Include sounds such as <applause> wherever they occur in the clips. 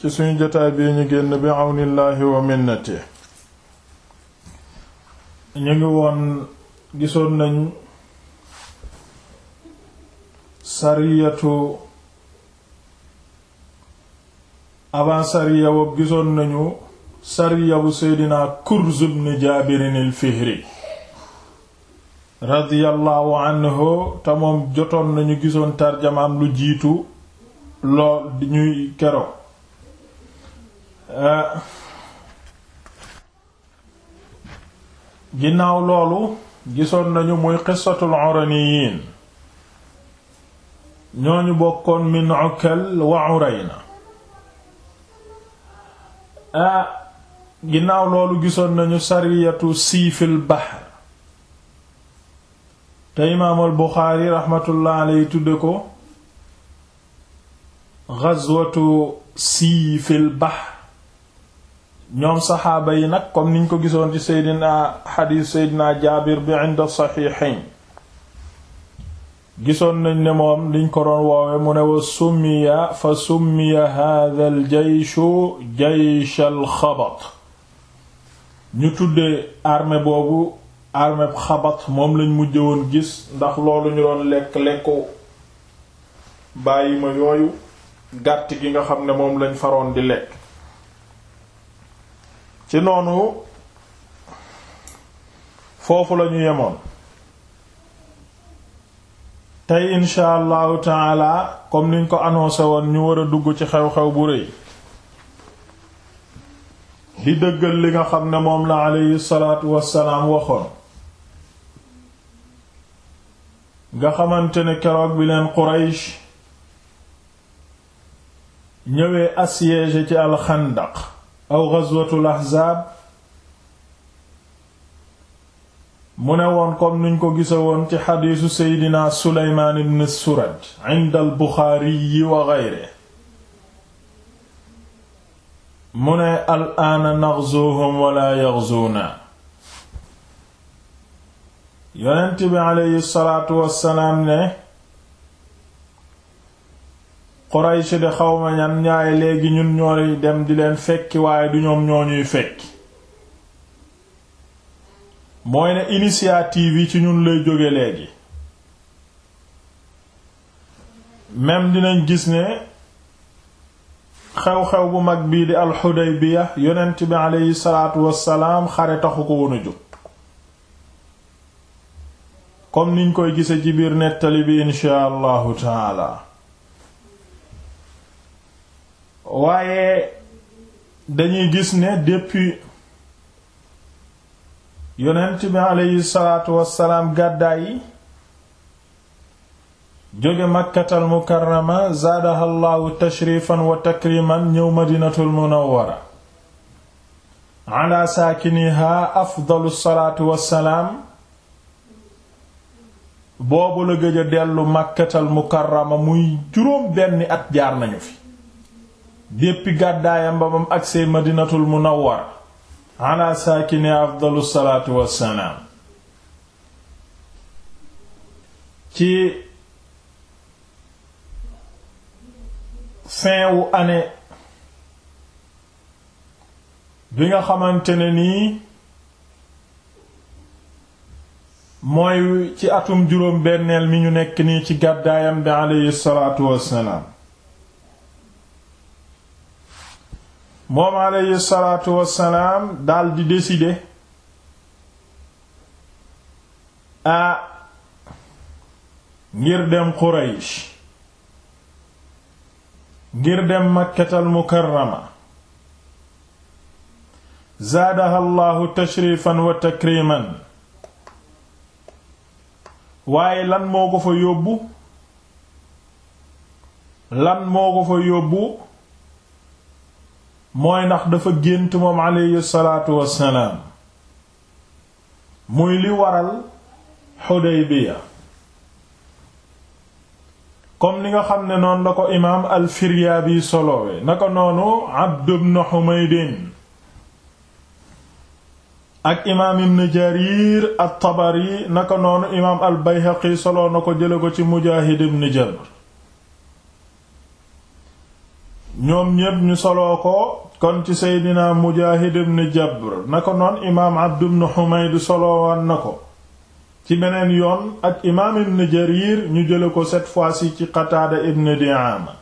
ci suñu jotaay bii ñu génn bi àwnillaahi wa minnati ñu ngi woon gisoon nañ sariyatu avant sariya gisoon nañu sariya bu seydina Kurz ibn Jaabirin al-Fihri radiyallahu anhu te jotoon nañu gisoon tarjamaam lu jiitu lool ñuy kero Eh, ginnaaw loolu gisoon nañu muy qissatul uraniyin ñooñu bokkoon min Ukal wa Urayna ah ginnaaw loolu gisoon nañu sariyatu siifil bahr te imaamal Buxaari raxmatullah alayhi tudde ko gazwatu fil bahr ñoom saxaaba yi nag comme niñ ko gisoon ci seydina xadiis seydina jaabir bi inda saxiixayn gisoon nañ ne moom liñ ko doon woowe mu ne wa summiya fa summiya hadha al jayshu jaysh al xabat ñu tuddee armée boobu armée xabat moom lañ mujj woon gis ndax loolu ñu doon lekk ko bàyyi ma yooyu gàtt gi nga xam ne moom lañu faroon di lekk ci noonu foofu lañu ñu yemoon tey insha allahu taala comme niñ ko annoncé woon ñu war a dugg ci xew-xew bu rëy di dëggal li nga xam ne moom la aleyhi salaatu wassalaam waxoon nga xamante ne keroog bi leen Quraysh ñëwee assiégé ci alxandaq aw ghazwatul ahzaab mu ne woon comme nuñ ko gisa woon ci xadiisu seydina suleymaan ibn surad inda al buxaari wa geyre mu ne al aana naghzuhum wala yaghzuna yonent bi Quraysh de xawma ñan ñaay léegi ñun ñoo dem di leen fekki waaye du ñoom ñoo ñuy fekki mooy ne initiative yi ci ñun lay jóge léegi même dinañ gis ne xew-xew bu mag bii di alxudaybiya yonent bi aleyhi salaatu wassalaam xare taxu ko woon a jóg comme niñ koy gise ci biir nettali bi insha allahu taala waaye dañuy gis ne depuis yonent bi aleyhi salaatu wassalaam gàddaa yi jóge makkatal mukarrama zaadaha llahu wa takriman ñëw madinatul munawwara ala saakiniha afdalu salaatu wassalaam boobu la gëj a dellu makkatal mukarrama muy juróom benni at jaar nañu fi déppi gàddaayam ba bam agsee madinatul munawwar ala saakine afdalu salaatu wassalaam ci fin wu année bi nga xamante ne nii mooy ci atum juróom benneel mi ñu nekk nii ci gàddaayam bi aleyhi salaatu moom aleyhi salaatu wassalaam dal di décider a ngir dem Quraysh ngir dem Makkatal Mukarrama zaadaha llahu tashrifan wa takriman waaye lan moo ko fa yóbbu lan moo ko fa yóbbu mooy ndax dafa gént moom aleyhi salaatu wassalaam muy li waral Xudaybiya comme ni nga xam ne noon na ko imaam al-Firyaabi solowee na ko noonu Abd ibn ak imaam ibn Jarir at-Tabari na ko noonu imaam al-Bayhaqi soloo na ko jële ko ci Mujaahid ibn Jabr ñoom ñépp ñu soloo ko kon ci seydina mujaahid ibn jabr na ko noon imaam abd ibn na ko ci beneen yoon ak imaam ñu jële ko cette fois-ci ci qataada ibn di'aama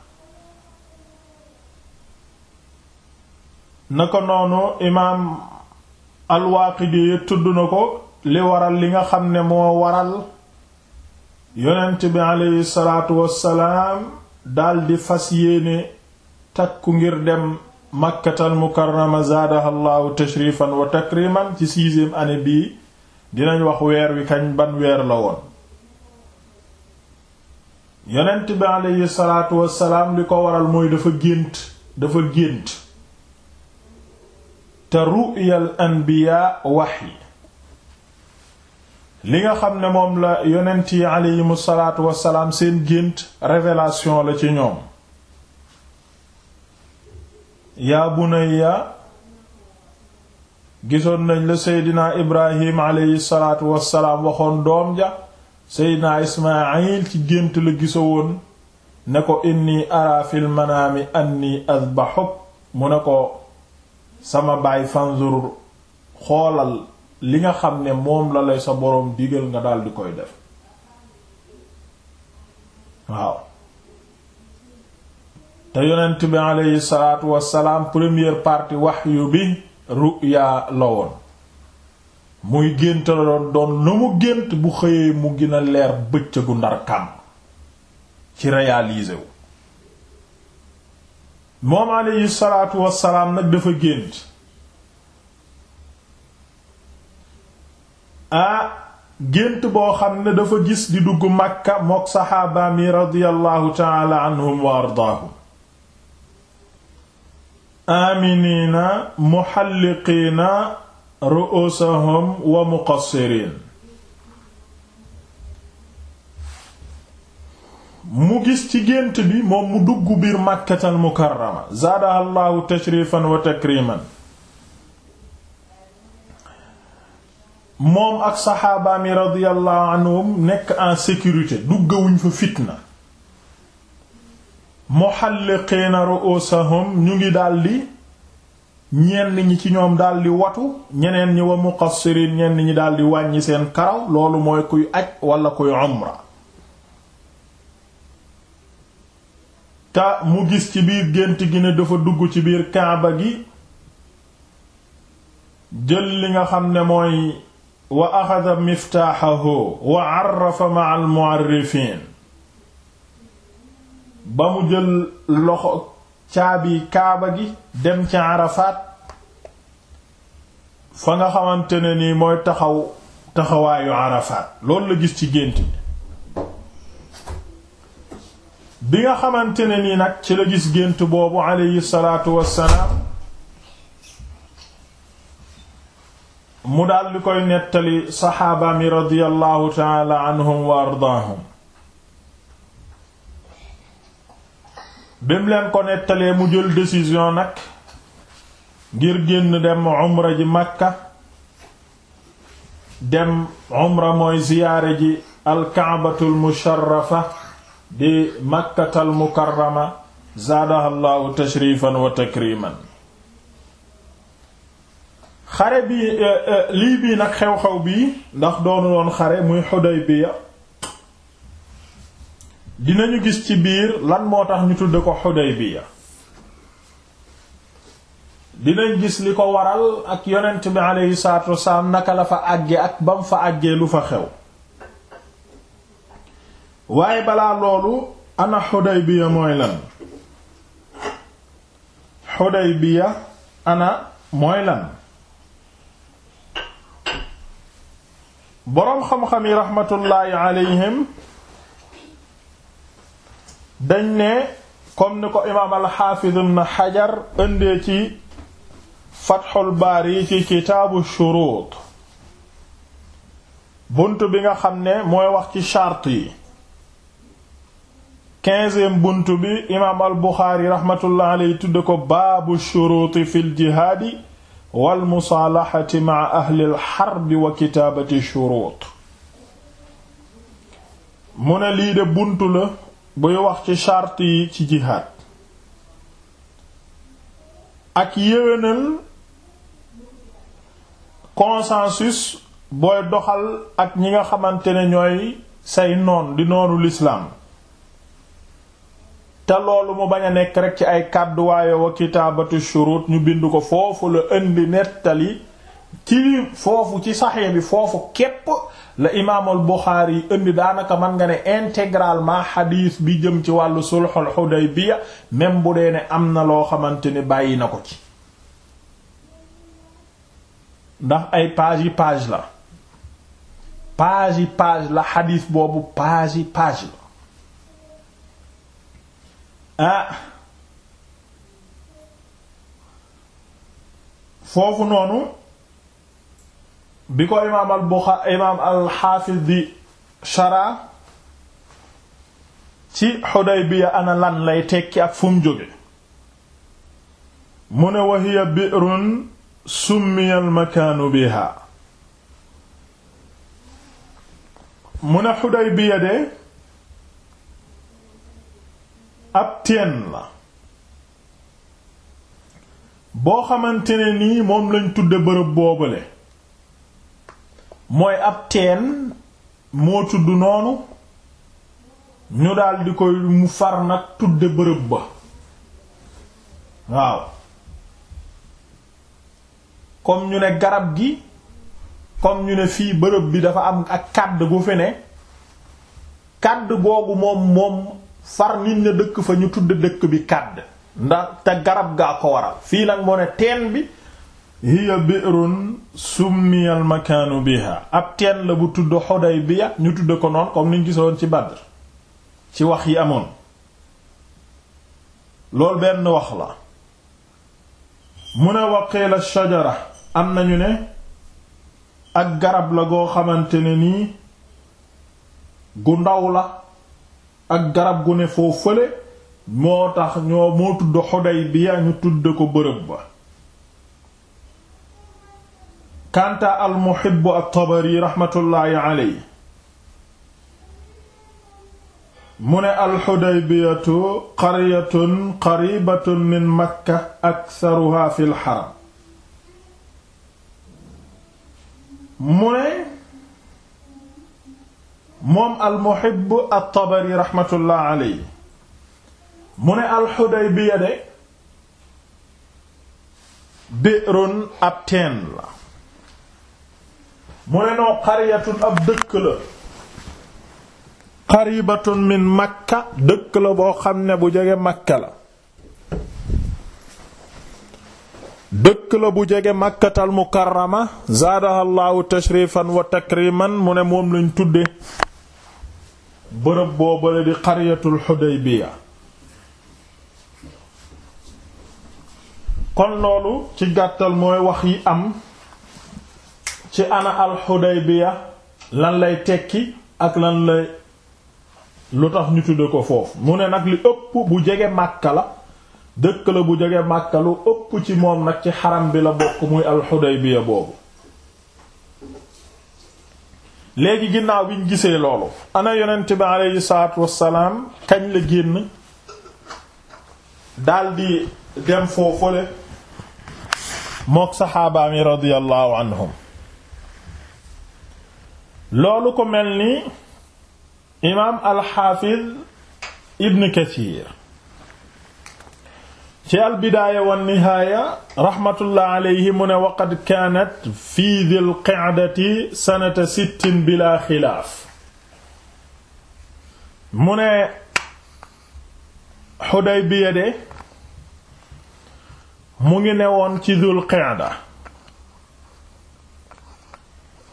na ko noonu tudd na ko li waral li nga xam ne moo waral yonent bi aleyhi salaatu wassalaam daldi fas yéene takku ngir dem makkatal mukarrama zaadaha llahu tashrifan wa takriman ci sixième année bii dinañ wax weer wi kañ ban weer la woon yonent bi aleyhi wassalaam li ko waral mooy dafa gént dafa gént te ru'yal anbiya wahyi li nga xam ne moom la yonent yi aleyhimu salaatu wassalaam seen gént revelation la ci ñoom yaa bunayya gisoon nañ la seydina ibrahim aleyhi salaatu wassalaam waxoon doom ja seydina ismaayil ci gént la gisoo woon ne ko inni ara fil manaami anni azbahuk mu ne ko sama baay fanzur xoolal li nga xam ne moom la lay sa boroom digal nga daldi koy def waaw te yonent bi aleyhi salaatu wassalaam première partie wahyu bi ruya la woon muy gént la doon doon mu gént bu xëyee mu gën leer bëccëgu ndar kàmm ci réalisé wu moom aleyhi salaatu wassalaam nag dafa gént ah gént boo xam ne dafa gis di dugg Makka mook saxaabaam yi radiyallahu taala anhum wa ardaahum aminiina muxalliqiina ru'uusahum wa muqassiriin mu gis ci gént bi moom mu dugg biir màkkatal mukarrama zaadaha llaahu tashrifan wa takriman moom ak saxaabaami radiyallahu anhum nekk en sécurité duggawuñ fa fitna muhalliqiina ru'uusahum ñu ngi daldi ñenn ñi ci ñoom daldi watu ñeneen ñi wa muqassiriin ñenn ñi daldi wàññi seen karaw loolu mooy kuy aj walla kuy umra te mu gis ci biir gént gi ne dafa dugg ci biir kaaba gi jël li nga xam ne mooy wa axada miftaaxahu wa arrafa ma'al mu'arrifiin ba mu jël loxo caabi kaaba gi dem ci Arafat fa nga xamante ne nii mooy taxaw taxawaayu Arafat loolu la gis ci gént bi nga xamante ne nii nag ci la gis gént boobu aleyhi salaatu wassalaam mu daal di koy nettali saxaaba radiyallahu taala anhum wa ardaahum bim leen ko nettalee mu jël décision nag ngir génn dem umra ji Makka dem umra mooy ziyaare ji alkaabatul musharrafa di Makkatal mukarrama zaadahallahu tashrifan wa takriman xare bi eh, eh, lii bii nag xew-xew bii ndax doonu loon xare muy Hudaybiya dinañu gis ci biir lan moo tax ñu tudde ko Xudaybiya dinañ gis li ko waral ak yonent bi aleyhi salaatu wasalaam naka la fa àgge ak bam fa àggee lu fa xew waaye balaa loolu ana Xudaybiya mooy lan Xudaybiya ana moy lan boroom xam-xam yi raxmatullaahi aleyhim dañ ne comme ni ko imaam alxaafiz ibn xajar indee ci fatxul baari ci kitaabu shuruut bunt bi nga xam ne mooy wax ci chart yi quinzième bunt bi imaam al buxaari raxmatullah aley tudde ko baabu shuruuti fi ljihaadi wal musaalaxati maa ahlil xarbi wa kitaabati shuruut mu ne lii de bunt la buy wax ci charte yi ci jihaad ak yéwénal consensus booy doxal ak ñi nga xamante ne ñooy say noon di noonu lislaam te loolu mu bañ a nekk rekk ci ay kàddu waaye wa kitaabatu shurut ñu bind ko foofu la indi nettali ci foofu ci saxee bi foofu képp la imaamul Buxaari yi indi daanaka man nga ne intégralement xadiis bi jëm ci wàllu sulxul Xudaybiya même bu dee ne am na loo xamante ni bàyyi na ko ci ndax ay page yi page la page yi page la xadiis boobu page yi page la ah foofu noonu bi ko imaam al Buxaari imaam al xaafiz di shara ci Xudaybiya ana lan lay tekki ak fu mu jóge mu ne wa bi'run summiya makaanu biha mu ne Xudaybiya de ab teen la boo xamante ni nii moom lañ tudde bërëb boobale mooy ab teen moo tudd noonu ñu daal koy mu far nag tudde bërëb ba waaw comme ñu ne garab gi comme ñu ne fii bërëb bi dafa am ak kàdd gu fi ne kàdd googu moom moom far nit ña dëkk fa ñu tudd dëkk bi kàdd ndax te garab gaa ko waral fii nag moo ne teen bi hiya bi'run summiya al makaanu biha ab teen la bu tudd Hudaybiya ñu tudd ko noonu comme niñ gisoon ci Badr ci wax yi amoon loolu benn wax la mu ne waqiila shajara am nañu ne ak garab la goo xamante ne nii gu ndaw la ak garab gu ne foo fële moo tax ñoo moo tudd Hudaybiya ñu tudd ko bërëb ba kanta al muhibb at-Tabari raxmatullaahi alayhi mu al-Xudaybiyatu qaryatun qaribatun min Makka mu ne al at-Tabari raxmatullaahi alayhi mu al-Xudaybiya de bi'run ab mu ne noo qaryatun ab dëkk la qaribatun min makka dëkk la boo xam ne bu jege makka la dëkk la bu jege makkatal mukarrama zaadaha tashrifan wa takriman mu ne moom lañ tudde bërëb boobale di qaryatul xudaybiya kon loolu ci gàttal mooy wax yi am ci ana al-Hudaybiya lan lay tekki ak lan lay lu tax ñu tudde ko foofu mu ne nag li ëpp bu jege Makka la dëkk la bu jege Makka lu ëpp ci moom nag ci xaram bi la bokk muy al-Hudaybiya boobu léegi ginnaaw biñ gisee loolu ana yonent bi aleyhi salaatu wassalaam kañ la génn daldi dem foofule mook saxaabaami radiyallahu anhum loolu ko mel ni imaam alxaafiz ibn kathir ci albidaaya wa nihaaya raxmatullah alayhi mu ne waqad kaanat fi dhil qa'dati sanata sittin bila xilaaf mu ne xudaybiya de mu ngi newoon ci dhul qa'da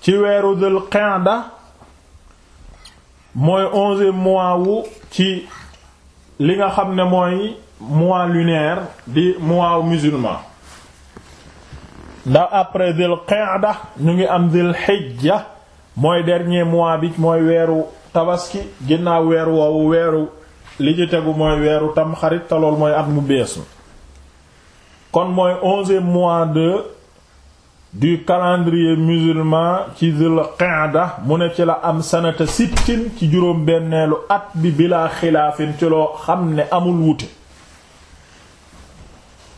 ci weeru dul qa'da mooy onzième mois wu ci li nga xam ne mooy mois lunaire di mois musulman ndax après dul qa'da ñu ngi am dul hijja mooy dernier mois bi mooy weeru tabaski ginnaaw weer woowu weeru li ci tegu mooy weeru tamxarit te lool mooy am mu bees kon mooy onzième mois de du calendrier musulman ci zul qaada mu ne ci la am sanata sittin ci juróom benneelu at bi bilaa xilaafin ci loo xam ne amul wute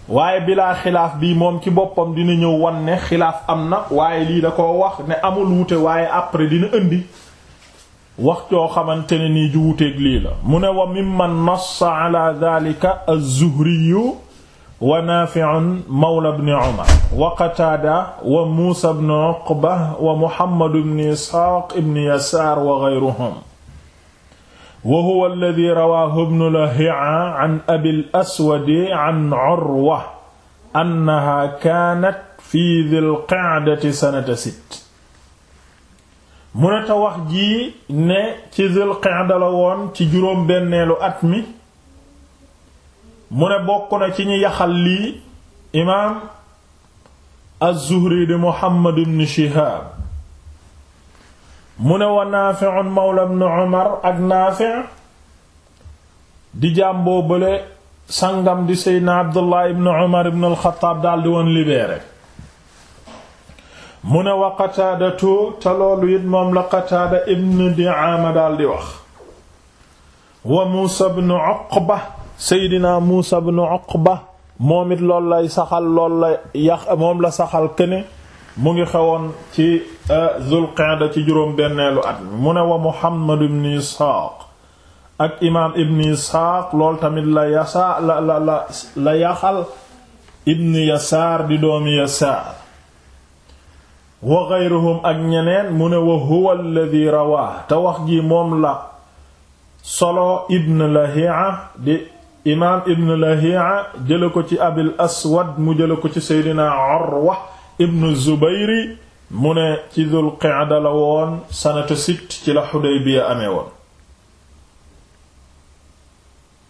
waaye bilaa xilaaf bi moom ci boppam dina ñëw wan ne xilaaf am na waaye lii da ko wax ne amul wute waaye après dina ëndi wax joo xamante ne nii ju wuteeg lii la mu ne wa mimman man ala dhalika az-zuhriyu wa Naafi'un mawla ibn Umar wa Qataada wa Muusaa ibn Uqba wa Muhammad ibn Isxaaq ibn Yasaar wa ghayruhum wa huwa alladhi rawaahu ibn Lahi'a an Abil Aswad an Urwa annahaa kaanat fi Dhil Qa'dati sanata sitt mu ne ta wax ji ne ci Dhil Qa'da la woon ci juróom benneelu at mi mu ne bokk ci ñi yaxal lii imaam az di Muhammad Shihaab mu ne wa Naafi'un mawla ibn Umar ak Naafi' di jàmboo bële sangam di Seydina Abdullah ibn Umar ibn al-Xattaab daldi woon libéré mu ne wa Qataadatu te loolu it moom la Qataada ibn Di'aama daldi wax wa Muusaa ibn Uqba seydina muusa ibn uqba moom it lool lay saxal lool la yax moom la saxal këne mu ngi xewoon ci euh, zul qa'da ci juróom benneelu at mi mu ne wa muhammad ibn isxaaq ak imaam ibn isxaaq lool tamit la yaxal ibn yasaar di doomi yasaar wa geyruhum ak ñeneen mu ne wa huwa alladhi rawaa te wax ji moom la solo ibn lahi'a di imaam ibn Lahi'a jële ko ci abil aswad mu jële ko ci seydina Urwa ibn Zubayri mu ne ci Dul Qa'da la woon sanata sitt ci la Xudaybiya amee woon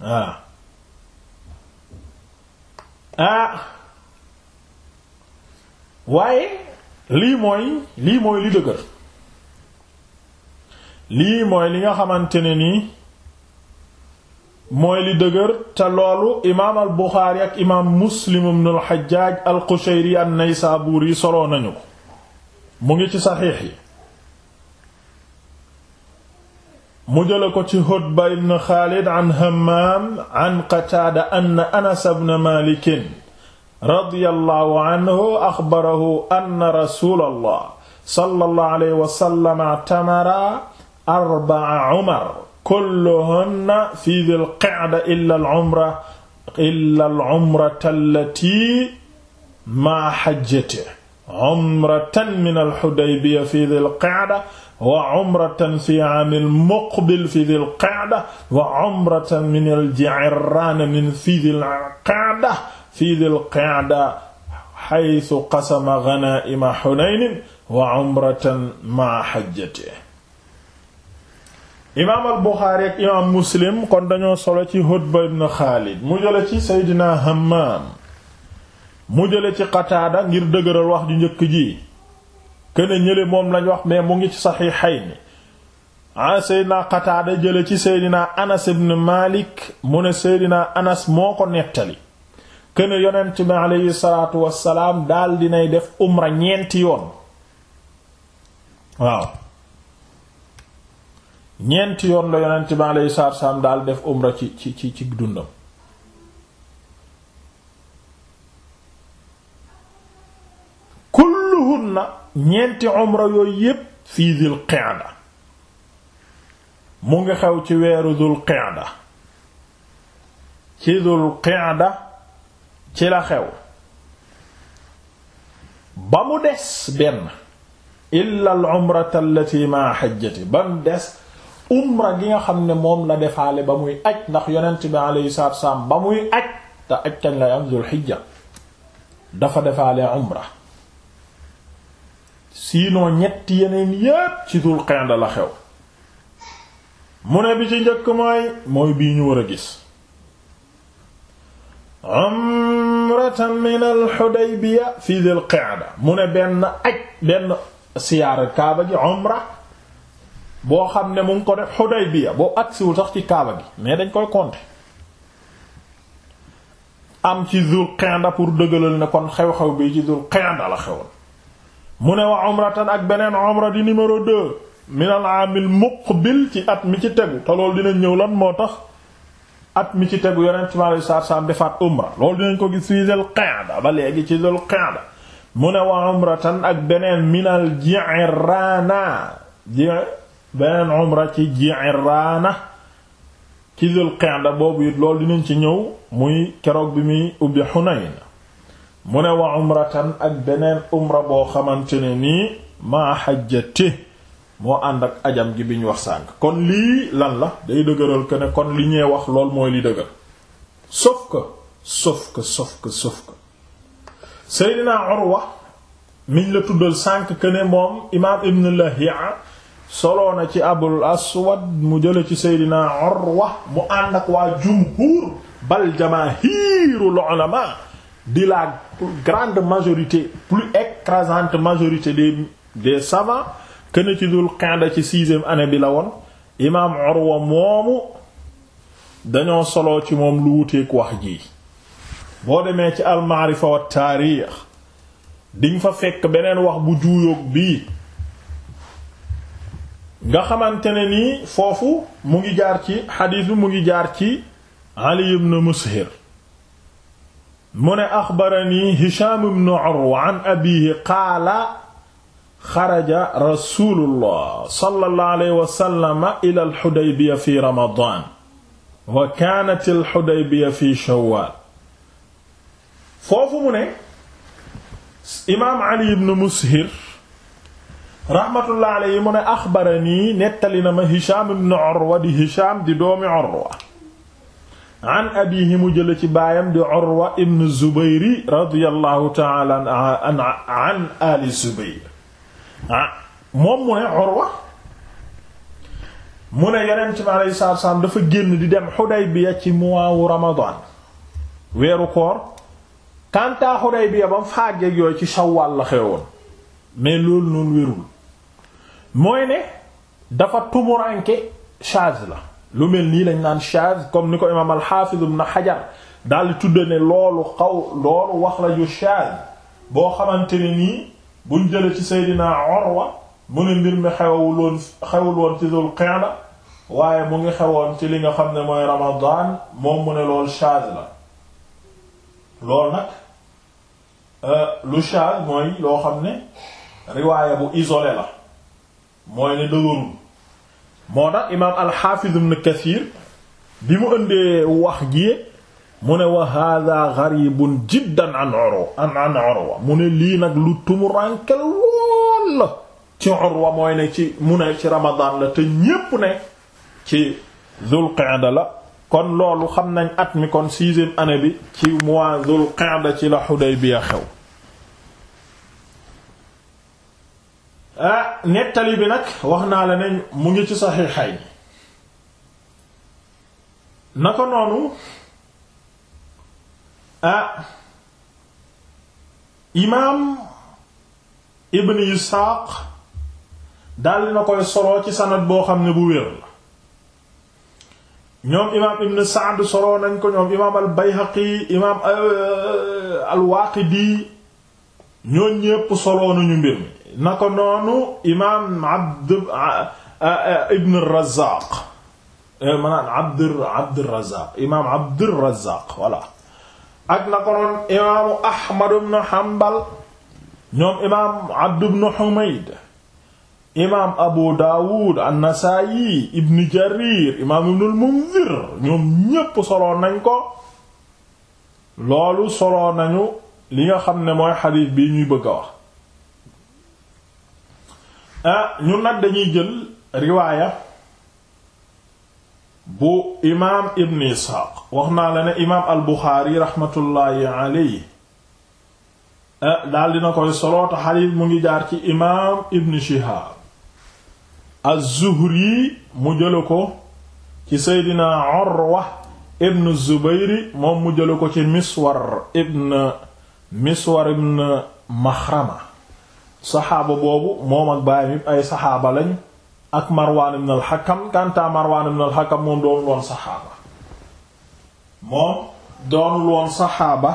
ah ah waaye lii mooy lii mooy li dëgër lii mooy li nga xamante ni nii mooy li dëgër te loolu imaam al buxaari ak imaam muslim ibn al xajjaaj al qushayri an nañu mu ngi ci saxiix mu jële ko ci hudba ibn xaalid an hammaam an qataada ann anas ibn maalikin radiyallahu anhu axbarahu anna rasuulallah sallallahu alayhi wa sallam tamara arba'a umar kulluhunna fi dhil qa'da illa al umra illa al umrata allati ma hajjati umratan min al hudaybiyya fi dhil qa'da wa umratan fi aamil muqbil fi dhil qa'da wa umratan min al ji'rana min fi dhil qa'da fi dhil qa'da haythu qasama ghanaa'ima hunaynin wa umratan ma hajjati imaam al imaam Muslim kon dañoo solo ci Hudba ibn Xaalid mu jële ci Seydina Hammaam mu jële ci xataada ngir dëgëral wax ju njëkk ji këne ñële moom lañu wax mais mu ngi ci Saxiixayni ah Seydina jële ci Seydina Anas ibn Maalik mu ne Seydina Anas moo ko nettali kën yonent bi aleyhi salaatu wassalaam daal dinay def umra ñeenti yoon waaw ñeenti yoon la yonent bi alayhi salaatu wa salaam daal def umra ci ci ci dundam kulluhunna ñeenti umra yooyu yépp fii Dhul Qa'da mu ngi xew ci weeru Dhul Qa'da ci Dhul Qa'da ci la xew ba mu des benn illa al umrata allati ma hajjati ba mu des umra gi nga xam ne moom la defaale ba muy aj ndax yonent bi alayhi salaatu wassalaam ba muy aj te aj kañ lay am dul xijja dafa defaale umra sinon ñetti yeneen yépp ci dul qa'da la xew mu ne bi ci njëkk mooy mooy bii ñu war a gis umratan fi dul qa'da mu ne benn aj benn siyaara kaaba gi umra boo xam ne mu ngi ko def Xudaybiya boo agsiwul sax ci kaaba gi mais dañ koy compter am ci Zul Qinda pour dëgëral ne kon xew-xew bi ci Zul Qinda la xewoon mu ne wa umratan ak beneen umra di numéro 2 min al amil muqbil ci at mi ci tegu ñëw lan moo tax at mi ci tegu yonent mi alayhi loolu dinañ ko gis ci Zul Qinda léegi ci Zul Qinda mu ne wa ak beneen minal Ji'rana beneen umra ci Ji'irraana ci Dul Qa'da boobu lool loolu dinañ ci ñëw muy keroog bi muy ubbi Hunayn mu ne wa umratan ak beneen umra boo xamante ne nii maa hajjati moo ànd ak ajam gi bi ñu wax sànk kon lii lan la day dëgëral que kon li ñee wax lool mooy li dëgër sauf que sauf que sauf que sauf que Seydina miñ la tuddal sànk que moom imaam Ibn Lahiya soloo na ci abul aswad mu jële ci seydina urwa mu ànd ak waa jumhur bal jamaahirul ulama di la grande majorité plus écrasante majorité des des savants que ne ci dul qinda ci sixième année bi la woon imaam urwa moomu dañoo solo ci moom lu wuteek wax ji boo demee ci almaarifa wa taarix diñ fa fekk beneen wax bu juuyoog bii nga xamante ne nii foofu mu ngi jaar ci xadiis bi mu ngi jaar ci Ali ibn Mushir mu ne axbarani Hisham ibn Urwa an abiihi qaala xaraja rasulullah sallallahu alayhi wa sallam ila al-Hudaybiya fi Ramadan wa kaanat al-Hudaybiya fi Shawwal foofu mu ne imaam Ali ibn Mushir rahmatullah alayhi mu ne axbaranii nettali na ma Hisham ibn Urwa di Hisham di doomi Urwa an abihi mu ci baayam di Urwa ibn Zubayr radiyallahu ta'ala an ali Zubayr ah, moom mu ne Urwa mu ne Yonent bi alayhi salaatu wa salaam dafa génn di dem Xudaybiya ci mois wu weeru koor kantaa Xudaybiya ba mu fàggeeg yooyu ci Shawwal la mais loolu noonu wérul mooy ne dafa tumuranke charge la lu mel nii lañ naan charge comme ni ko imaam al-Hafiz ibn Hajar daal di tudde loolu xaw loolu wax boo xamante ne nii buñ jële ci Seydina Urwa mu ne mbir mi xewul woon xewul woon ci Dul waaye mu ngi xewoon ci li nga xam ne mooy Ramadan moom mu ne loolu charge la nag euh, lu charge mooy loo xam ne riwaaya bu isolé la mooy ne dëgërul moo tax imaam alxaafiz ibn kathir bi mu ëndee wax ji mu ne wa hada gharibun jiddan an urwa an an urwa mu ne lii nag lu tumuranke lool la ci urwa mooy ne ci mu ne ci ramadan la te ñépp ne ci zul qa'da la kon loolu xam nañ at mi kon sixième année bi ci mois zul qa'da ci la Hudaybiya xew Ah, nettali bi nag wax naa la ne mu ngi ci saxiixayn na ko noonu ah imaam ibn Isaaq daldi na koy soroo ci sanad boo xam ne bu wér la ñoom imaam ibn Sa'd soroo nañ ko ñoom imaam al-Bayhaqi imaam euh, al-Waaqidi ñoo ñépp soroo nañu mbir mi na ko noonu imaam Abd Ibn Razaq eh, maanaam Abd Abd Razaq imaam Abd Razaq voilà ak na ko noonu imaamu Ahmad ibn Hanbal ñoom imaam Abd ibn Humayd imaam Abu Dawud An-Nasa'i Ibn Jarir imaam Ibn al-Munzir ñoom ñépp soloon nañ ko loolu soloon nañu li nga xam ne mooy xadiis bi ñuy bëgg a wax. Ah, ñun nag dañuy jël riwaaya bu imaam ibn isxaaq wax naa la ne imaam al buxaari raxmatullaahi alayhi ah, daal dina koy soloota xadiis mu ngi jaar ci imaam ibn shihaab az mu jële ko ci seydina urwa ibn zubayri moom mu jële ko ci miswar ibn miswar ibn maxrama saxaaba boobu moom ak baayam yépp ay saxaaba lañ ak Marwan ibn al-Hakam kanta Marwan ibn al-Hakam moom doon woon saxaaba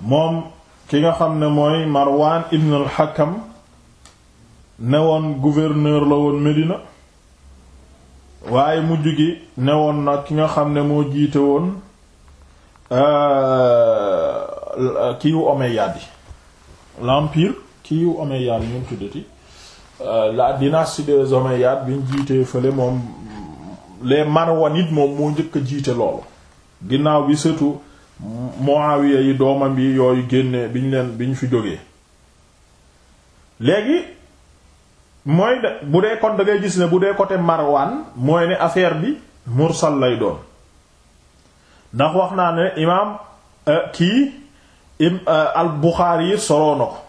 moom ki nga xam ne mooy Marwan ibn hakam ne woon gouverneur la woon Medina waaye mujj gi ne woon nag ki nga xam ne moo jiite woon euh, kiiwu Omeyyades l'empire kii wu Omeyyad yi tuddati euh, la dynastie des Omeyyades biñ jiitee fële moom les Marwanides moom moo njëkk a jiite loolu ginnaaw bi surtout Muawiya yi doomam yi yooyu génne biñ leen biñ fi jógee léegi mooy de bu dee kon da gis ne bu dee côté Marwan mooy ne affaire bi mursal lay doon ndax wax naa ne imaam euh, kii im euh, al Bukhari yi ko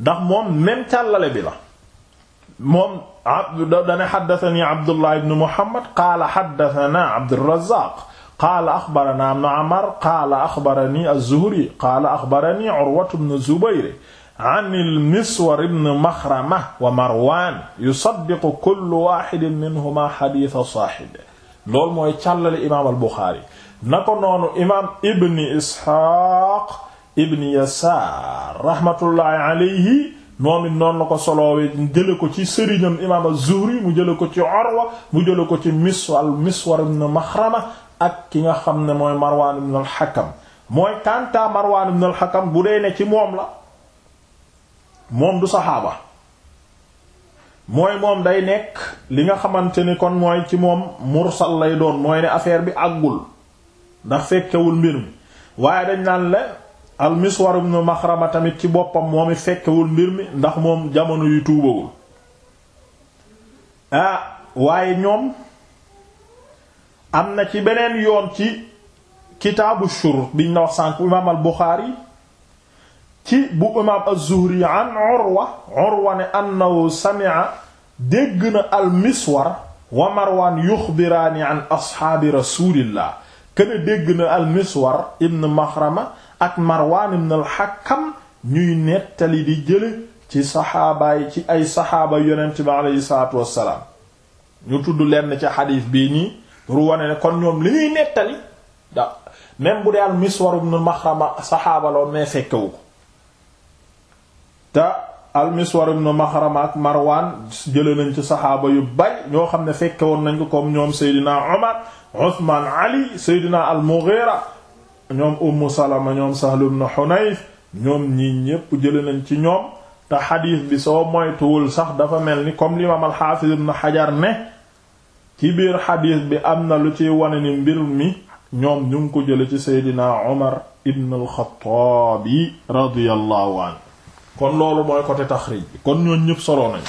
ndax moom même càllale bi la moom dane xaddatani abdullah ibn muhammad qaala xaddatana abdurazaq qaala axbarana ibn amar qaala axbarani az-zuhri qaala axbarani urwatu ibn zubayr an al-miswar ibn maxrama wa marwan yusaddiqu kullu waxidin minhuma xadiisa saaxibe loolu mooy càllale imaam al-buxaari na ko noonu imaam ibn isxaaq ibn yasaar rahmatullahi alayhi moom it noonu la ko soloowe jële ko ci sëriñam imaam zuhri mu jële ko ci Urwa mu jële ko ci miswal Miswar ibn Maxrama ak ki nga xam ne mooy Marwaan ibn al-Hakam mooy tàntaa Marwaan ibn al bu dee ne ci moom la moom du saxaaba mooy moom day nekk li nga xamante ni kon mooy ci moom mursal lay doon mooy ne affaire bi àggul ndax fekkewul mbir mi waaye dañ naan la al miswar ibn maxrama tamit ci boppam moom it fekkewul mbir mi ndax moom jamono yu tuubawul ah, waaye ñoom am na ci beneen yoon ci kitaabu shurut biñ la wax sànk imaam al buxaari ci bu imaam az-zuhri an urwa sami'a dégg na al miswar wa yuxbiraani an asxaabi rasulillah kën dégg na al miswar ibn maxrama ak Marwaan ibn al-Hakam ñuy nettali di jële ci saxaabaay ci ay saxaaba yonent bi aleyhi salaatu wassalaam ñu tudd lenn ci xadiis bii nii pour kon ñoom li ñuy nettali da même bu dee al Miswar ibn Maxrama saxaaba loon fekkewu ko te al Miswar ibn Maxrama ak Marwaan jële nañ ci saxaaba yu bari ñoo xam ne fekke woon nañ ko comme ñoom Seydina Omar Usmaan Ali Seydina al Mughira ñoom ummu salama ñoom sahl ibn hunayf ñoom ñii ñépp jële nañ ci ñoom te xadiis bi soo moytuwul sax dafa mel ni comme l'imam al-hafiz ibn hajar ne ci biir xadiis bi am na lu ci wane ni mbir mi ñoom ñu ngi ko jële ci seydina omar ibn al-xattaabi radiyallahu kon loolu mooy côté taxrij bi kon ñoon ñépp soloo nañ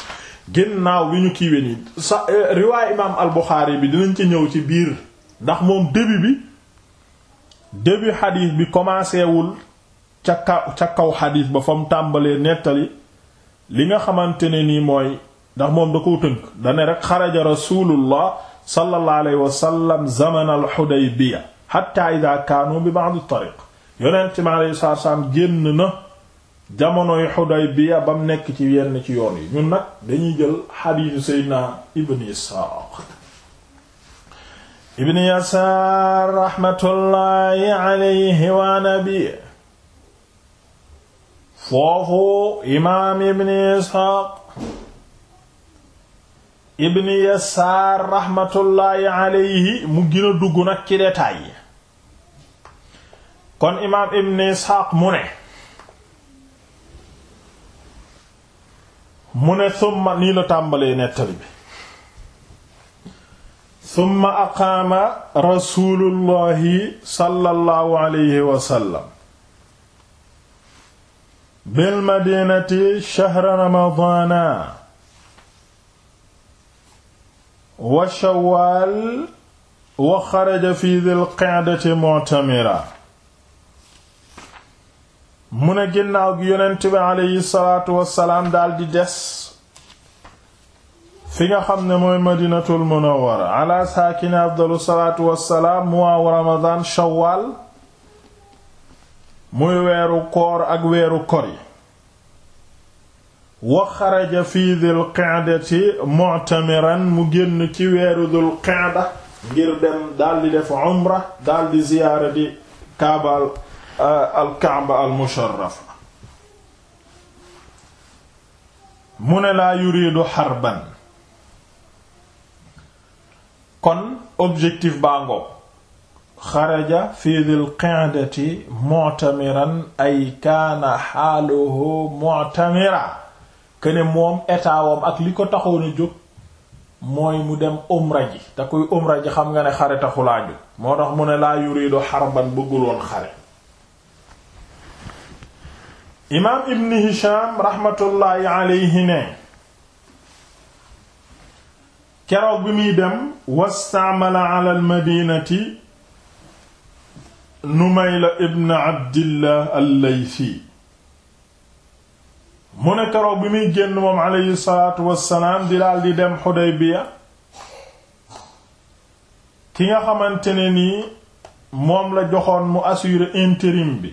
ginnaaw bi ñu kiiwee nii sa eh, riwaay imaam al-Buxaari bi dinañ ci ñëw ci biir ndax moom début bi début xadiis bi commencé wul ca kaw ca kaw xadiis ba fa mu tàmbalee nettali li nga xamante ne nii mooy ndax moom da koo tënk dane rek xaraja rasulullah sallallahu alayhi wa sallam zaman al Hudaybiya hatta idha kaanu bi ba'd at-tariq yonent mi alayhi salaatu salaam génn na ba mu nekk ci yenn ci yoon yi ñun nag dañuy jël xadiisu Seydina Ibn Isxaaq ibn yasaar raxmatullaahi alayhi wa nabi foofu imaam ibn isxaaq ibn yasaar raxmatullaahi mu gën a dugg nag ci détail kon imaam ibn isxaaq mu ne mu ne summa nii la tàmbalee nettali bi summa aqaama rasulullahi sallallahu alayhi wa sallam bil madinati shahra ramadana wa shawwal wa xaraja fi dhil qa'dati mu'tamira mu ne ginnaaw gi yonent bi alayhi salaatu wassalaam daldi des fi nga xam ne mooy madinatul munawwara ala saakini afdalu salaatu wassalaam mu waaw ramadan shawwal muy weeru koor ak weeru kori wa xaraja fi dhil qa'dati mu'tamiran mu génn ci weeru dhul qa'da ngir dem daldi def umra daldi ziyaara di kaaba eh, al kaaba al musharraf mu ne laa yuriidu xarban kon objectif baa ngoog xaraja fi dhil qa'dati mu'tamiran ay kaana xaaluhu mu'tamira kene moom état ak li ko taxoon a jóg mooy mu dem umra ji te kuy umra ji xam nga ne xare taxulaa jóg moo tax mu ne laa yuridu xarban bëgguloon xare imaam ibn hisham rahmatullahi alayhi ne keroog bi muy dem wastaamala ala almadinati numayla ibn abdillah allayfi mu ne keroog bi muy génn moom aleyhi salaatu wassalaam di daal dem xudaybiya ki nga xamante ne moom la joxoon mu assurer intérim bi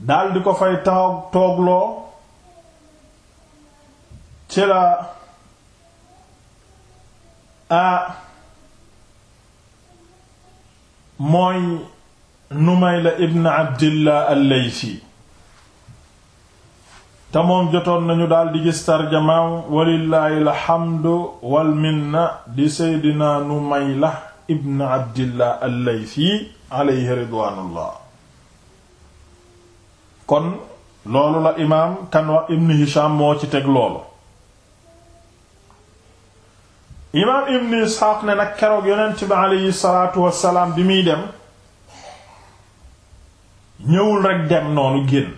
daal ko fay taxaw toogloo ci la a ah, mooy Numayla ibn Abdillah al-Laythi jotoon nañu daal di gis tarjamaam walillaahi alhamdu wal di Seydina Numayla ibn Abdillah al-Laythi ridwaanullah kon loolu la imaam kan wax Ibn Hisham moo ci teg loolu imaam ibn isxaaq ne nag keroog yonent bi aleyhi salaatu wassalaam bi muy dem ñëwul rekk dem noonu génn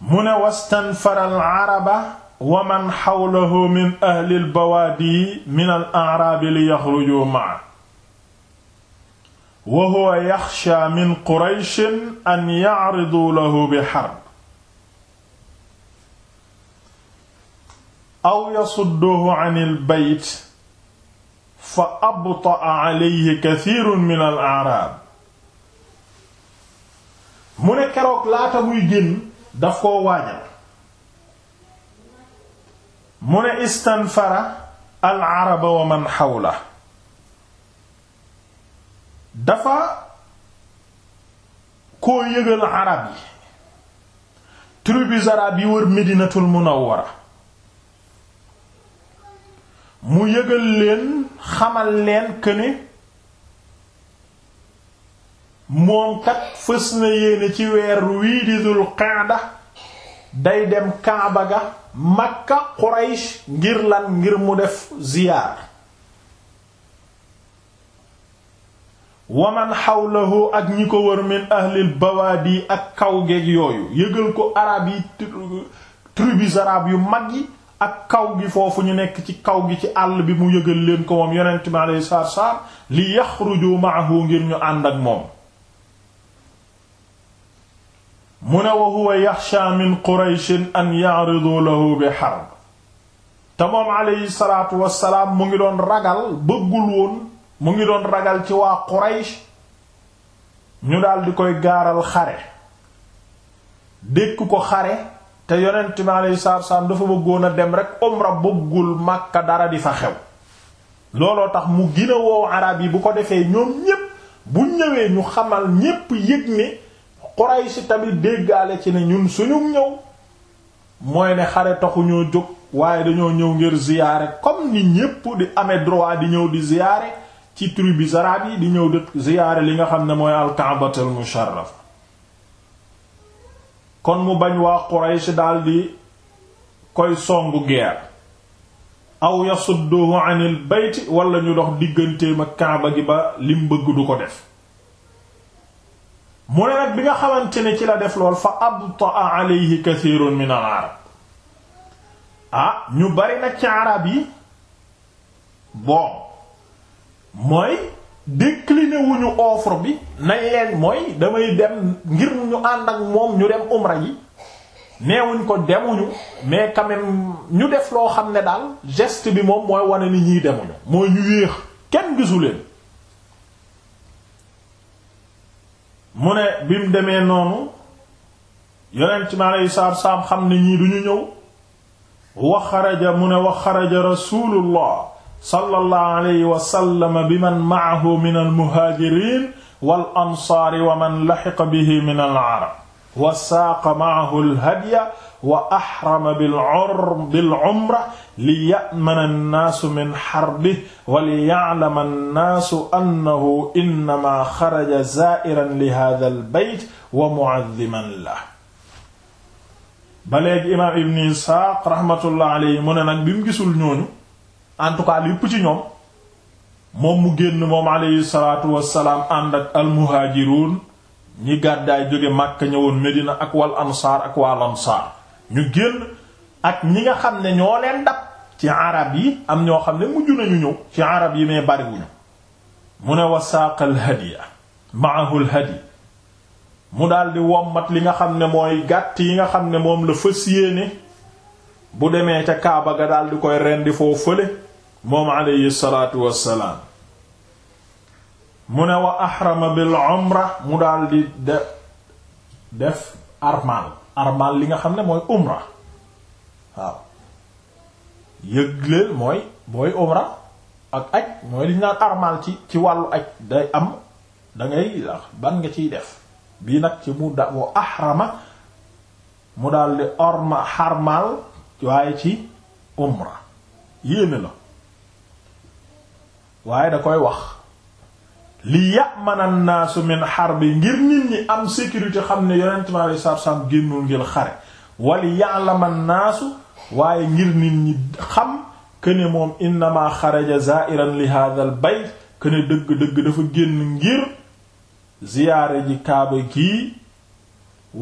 mu ne wastanfara al araba wa man xawlahu min ahli al bawaadi min al araabi li yaxruju maa wa huwa yaxsha min qurayshin an yacridu lahu bi xarb aw yasudduhu an il bayt fa abtaa alayhi kathirun min al arab mu ne keroog laata muy génn daf koo waajal mu ne istanfara al araba wa man xawla dafa koo yëgal arab yi tribus arab yi wër medinatul munawwara mu yëgal leen xamal leen que ne moom kat fës na yéene ci weer wii di dul qaada day dem Kaaba ga Makka Quraysh ngir lan ngir mu def ziyaar wa man xawlahu ak ñi ko wër min ahlil bawaadi ak kaw geeg yooyu yëgal ko arab yi tribus yu mag yi ak kaw gi foofu ñu nekk ci kaw gi ci àll bi mu yëgal leen ko moom yonent bi alayhi salaatu salaam li yaxruju ma'ahu ngir ñu ànd ak moom mu ne wa huwa yaxsha an ya'ridu lahu bi harb te moom mu ngi doon ragal bëggul woon mu ngi doon ragal ci waa quraysh ñu daal di koy gaaral xare dékk ko xare te yonent mi alayhi saan dafa bëggoon a dem rek umra bëggul Makka dara di fa xew looloo tax mu gën a woow arab yi bu ko defee ñoom ñépp bu ñëwee ñu xamal ñépp yëg ne si tamit déggaale ci ne ñun suñu ñëw mooy ne xare taxu ñoo jóg waaye dañoo ñëw ngir ziyaare comme ni ñépp di amee droit di ñëw di ziyaare ci tribus arabes yi di ñëw di ziyaare li nga xam ne mooy al-Ka'batul musharrafa kon mu bañ waa Quraysh daldi koy songu guerre aw yasudduhu anil bayt wala ñu dox digganteem ak Kaaba gi ba lim bëgg du ko def mu ne nag bi nga xamante ne ci la def lool fa abtaa alayhi kathirun min al arab ah ñu bari nag ci arab yi bon mooy décliné wuñu offre bi nañ leen mooy damay dem ngir ñu ànd ak moom ñu dem umra yi neewuñ ko demuñu mais quand ñu def loo xam ne daal geste bi moom mooy wane ni ñuy demuñu mooy ñu yéex kenn gisu leen mu ne bi demee noonu yonent mi aleyhi salaatu salaam xam ne ñii duñu ñëw wa xaraja mu ne wa xaraja rasulullah sallallahu alayhi wa sallam bi man ma'ahu min al-muhaajiriin wal ansaari wa man laxiqa bihi min al-arab wa saaqa ma'ahu al-hadya wa ahrama bil-umra liya'mana an-naasu min harbihi wa liya'lama an-naasu annahu innamaa xaraja zaa'iran li haadha al-bayt wa mu'azziman lahu ba léegi imaam Ibn Isxaaq rahmatullahi alayhi mu ne nag bi mu gisul ñooñu en tout cas lépp ci ñoom moom mu génn moom aleyhi salaatu wassalaam ànd ak almuhaajiruun ñi gàddaay jóge Màkka ñëwoon Medina ak wal ansaar ak wal ansaar ñu génn ak ñi nga xam ne ñoo leen dab ci arab yi am ñoo xam ne mujj nañu ñëw ci arab yi mais bariwuñu mu ne wasaaq al hadiya maahu al mu daldi wommat li nga xam ne mooy gàtt yi nga xam ne moom la fas yéene bu demee ca Kaaba ga daldi koy reen di foo fële moom aleyhi salaatu wassalaam mu ne wa axrama bil mu daal di def armal armal li nga xam ne mooy umra waaw yëgleel mooy booy umra ak aj mooy li ñu naan ci ci wàllu aj day am da ban nga ciy def bii nag ci mu da wa axrama mu daal di orma xarmal waaye ci umra yéeme la waaye da koy wax li ya'mana an-naasu min harbi ngir nit ñi am sécurité xam ne yonent bi alayhi salaatu salaam génnul ngir xare wali ya'lama waaye ngir nit ñi xam këne moom innama xaraja za'iran li hadha al këne dëgg-dëgg dafa génn ngir ziyaare ji kaaba gi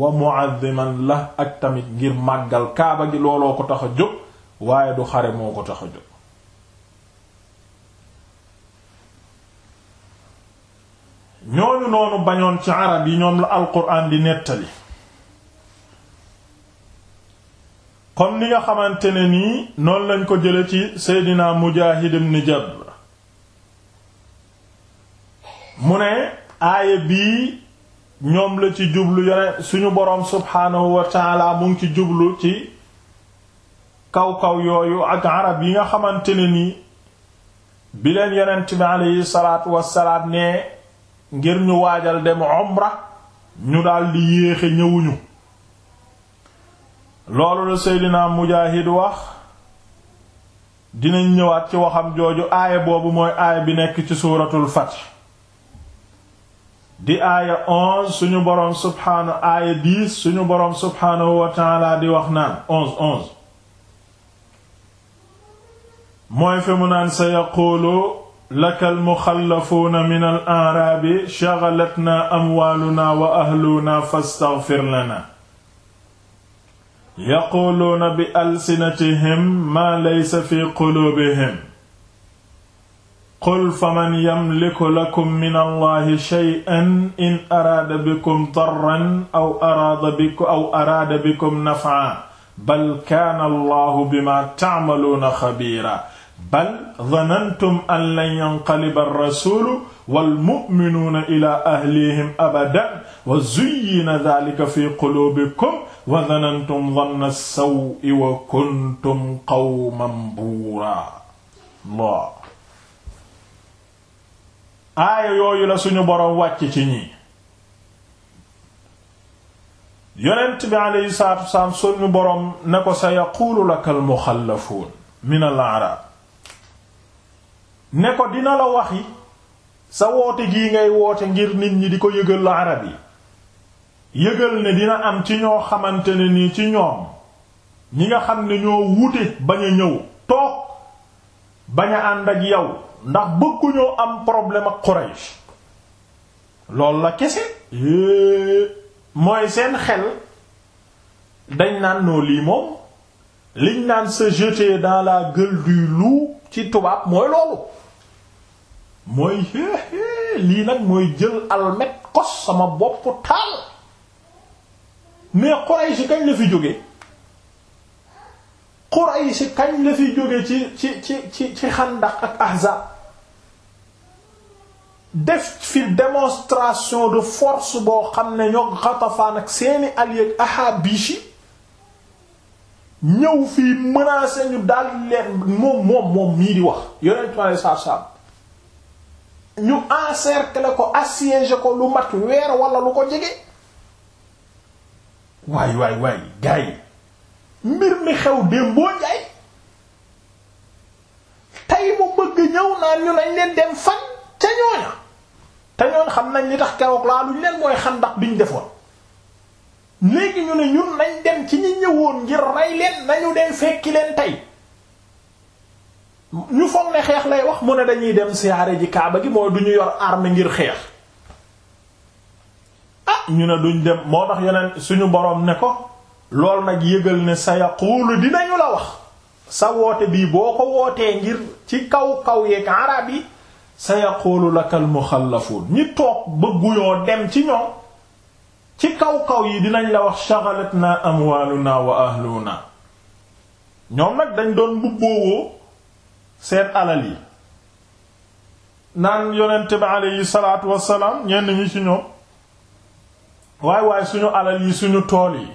wa mu'azziman la ak tamit ngir màggal kaaba gi looloo ko tax a jóg waaye du xare moo ko tax a jóg ñooñu noonu bañoon ci arab yi ñoom la alquran di nettali kon ni nga xamante ne nii noonu lañ ko jële ci seydina mujahid ibn jabr mu ne aaya bii ñoom la ci jublu yone suñu boroom subhaanahu wa taala ci jublu ci kaw kaw yooyu ak arab yi nga xamante ne nii bi leen yonent bi aleyhi salaatu wassalaam ne ngir ñu waajal dem umra ñu daldi yéexe ñëwuñu loolu la seydinaa mujaahid wax dinañ ñëwaat ci waxam jooju aaya boobu mooy aaya bi nekk ci suuratul fath di aaya suñu boroom subhaanahu aaya suñu boroom subhaanahu wa taala di wax naan onze onze mooy fi mu naan sa yaquulu laka almuxallafuuna min al aaraabi shagalatna amwaaluna wa ahluna fastaghfir lana yaquuluuna bi alsinatihim maa laysa fi quluubihim qul faman yamliku lakum min allahi shay'an in araada bikum darran aw araada bikum aw araada bikum naf'an bal kaana allahu bimaa ta'maluuna xabiira bal dhanantum an lan yanqaliba ar-rasulu walmu'minuuna ila ahlihim abadan wa zuyyina dhalika fi qulubikum wa dhanantum dhanna as-saw'i wa kuntum qawman buura Allah aaya yooyu la suñu boroom wàcc ci ñi yonent bi alayhi salaatu wasalaam suñu boroom ne ko sa yaquulu laka al-muxallafuun min al-a'raab ne ko dina la wax yi sa woote gii ngay woote ngir nit ñi di ko yëgal la arab yi yëgal ne dina am ci ñoo xamante ne nii ci ñoom ñi nga xam ne ñoo wute bañ a ñëw toog bañ a ànd ak yow ndax bëgguñoo am problème ak Quraysh loolu la kese eh, mooy seen xel dañ naan noo lii moom liñ naan se jeter dans la gueule du loup ci tubaab mooy loolu mooy éé lii nag mooy jël almet kos sama bopp taal mais Quraysh kañ la fi jóge Quraysh kañ la fi jóge ci ci ci ci ci Xandaq ak Ahzab def fi démonstration de force boo xam ne ñoo Ghatafaan ak seeni alliés Ahaabishi ñëw fii menacer ñu daal leen moom moom moom mii di wax yonentu Yàlla saab saab ñu encercler ko assiéger ko lu mat weer wala lu ko jege waay waay waay gars yi mbir mi xew démboo njaay tey mu bëgg ñëw naan ñu nañ leen dem fan ca ñooña te ñoon xam nañ ñi tax keroog laa luñ leen mooy xam xandax biñ defoon léegi ñu ne ñun nañ dem ci ñi ñëwoon ngir rey leen nañu dem fekki leen tey ñu foog xeex lay wax mu ne dañuy dem siyaare ji kaaba gi mooy du ñu yor arme ngir xeex ah ñu ne duñ dem moo tax yeneen suñu boroom ne ko lool nag yëgal ne sa yaquulu dinañu la wax sa woote bii boo ko wootee ngir ci kaw kaw yeeg arab yi sa yaquulu laka al muxallafuun ñi toog bëgguñoo dem ci ñoom ci kaw kaw yi dinañ la wax shaghalatna amwaaluna wa ahluna ñoom nag dañ doon mbubboo seet alal yi naan yonent bi aleyhi salaatu wassalaam ñenn ñi ci waay waay suñu alal yi suñu tool yi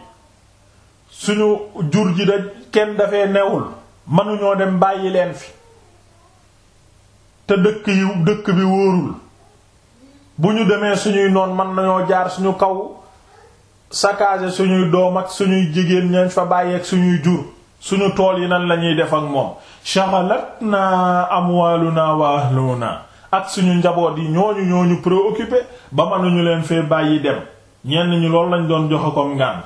suñu jur ji da kenn dafee newul mënuñoo dem bàyyi leen fi te dëkk yi dëkk bi wóorul bu ñu demee suñuy noon mën nañoo jaar suñu kaw saccager suñuy doom ak suñuy jigéen ñeeñ fa bàyyeek suñuy jur suñu tool yi nan la ñuy def ak moom shaghalatna amwaluna wa ahluna ak suñu njaboot yi ñooñu ñooñu préoccupé ba nu ñu leen fee bàyyi dem ñenn ñu loolu lañ doon joxe comme ngànt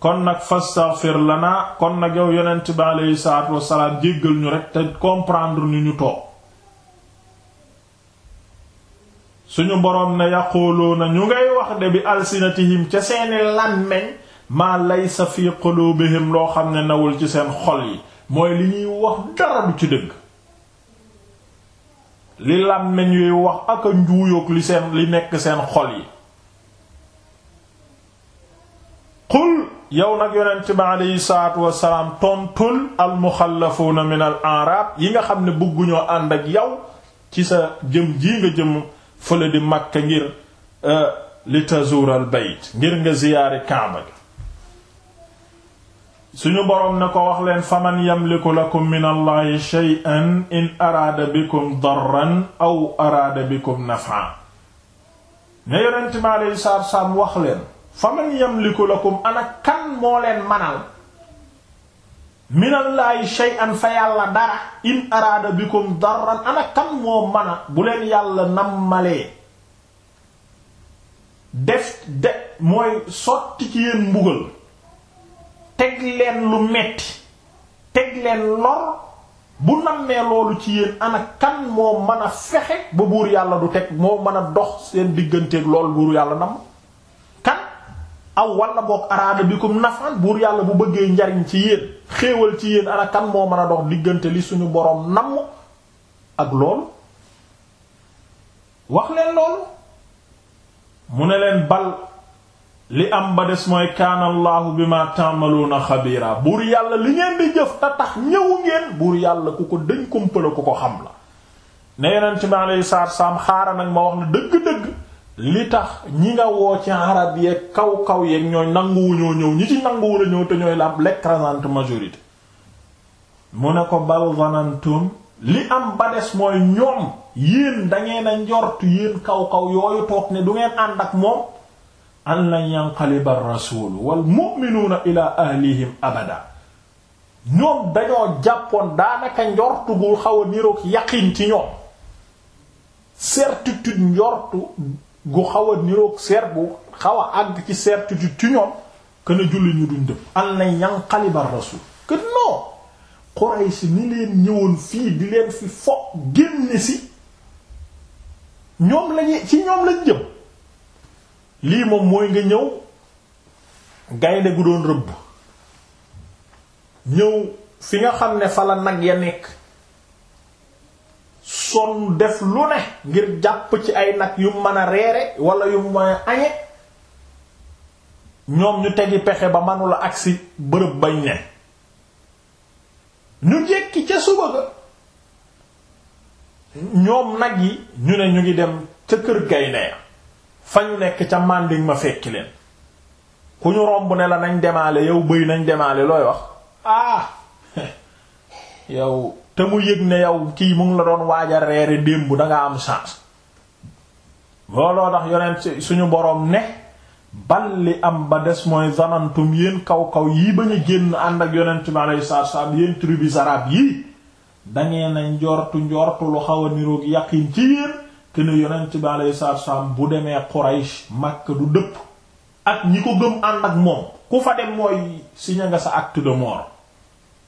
kon nag fastaghfir lana kon nag yow yonent bi aleyhi salaatu wassalaam jéggal ñu rek te comprendre ni ñu toog suñu na ne yaquluna ñu ngay wax bi alsinatihim ca seeni làmmeñ maa laysa fi qulubihim loo xam ne nawul ci seen xol yi mooy li ñuy wax dara du ci dëgg li làmmiñ yuy wax ak a li seen li nekk seen xol yi qul yow nag yonent bi aleyhi salaatu wasalaam tontul almuxallafuuna min al yi nga xam ne bëgguñoo ànd ak yow ci sa jëm ji nga jëm fële di Makka ngir euh, li tazuural bayt ngir nga ziyaare kaama gi suñu boroom ne ko wax leen faman yamliku lakum min allahi shay'an in araada bikum darran aw araada bikum naf'an ne yonent bi aleyhi salaatu salaam wax leen faman yamliku lakum ana kan moo leen manal min allahi shay'an fa yàlla dara in araada bikum darran ana kan moo mana bu leen yàlla nammalee def de mooy sotti ci yeen mbugal teg leen lu metti teg leen lor bu nammee loolu ci yéen ana kan moo mën a fexe ba buur yàlla du teg moo mën a dox seen digganteeg lool buur yàlla nam kan aw wala boog araada bi kum nafan buur yàlla bu bëggee njariñ ci yéen xéewal ci yéen ana kan moo mën a dox diggante li suñu boroom namm ak loolu wax leen loolu mu ne leen bal li am ba des mooy kaana bi ma ta'maluna xabiira buur yàlla li ngeen di jëf te tax ñëwu ngeen buur yàlla ku ko dëñ kumpala ku ko xam la ne yonent bi alayhi salaatu salaam xaaral nag ma wax la dëgg-dëgg li tax ñi nga woo ci arab yee kaw-kaw yeeg ñooy nanguwuñoo ñëw ñi ci nanguwula ñëw te ñooy la am l'écrasante majorité mu ne ko bal zanantum li am ba des mooy ñoom yéen dangeen njort yéen kaw-kaw yooyu toog ne du ngeen ànd ak moom an lan yanqaliba ar-rasul wal mu'minuuna ila ahlihim abada ñoom dañoo jàppoon daanaka njortu bu xaw a niroog yaqin ci ñoom certitude njortu gu xaw a niroog serbu bu xaw a àgg ci certitude ci ñoom que ne julli ñu duñ dëpp an lan yanqaliba ar-rasul que ni leen ñëwoon fii di leen fi fo génne si ñoom lañu ci ñoom lañ jëm lii moom mooy nga ñëw gaynde gu doon rëbb ñëw fi nga xam ne fa la nag ya nekk son def lu ne ngir jàpp ci ay nag yu mën a reere wala yu mën a añe ñoom ñu tegi pexe ba manula agsi bërëb bañ ne ñu jekki ca suba ga ñoom nag yi ñu ne ñu ngi dem ca kër gaynde ya fa ñu nekk ca mànding ma fekki leen ku ñu romb ne la nañ demaale yow bëy nañ demaale looy wax ah <laughs> yow te mu yëg ne yow kii mu ngi la doon waaj a reere démb danga am chance looloo tax yonent suñu boroom ne bal li am ba des mooy zanantum yéen kaw kaw yi bañ a génn ànd ak yonent bi alayhi salaatu wassalaam yéen tribus arabes yii dangeen a njortu njortu lu xaw a niroog yaqin ci yéen këne yonent bi alayhi salaatu wasallam bu demee Quraysh Makka du dëpp ak ñi ko gëm ànd ak moom ku fa dem mooy si nga sa acte de mort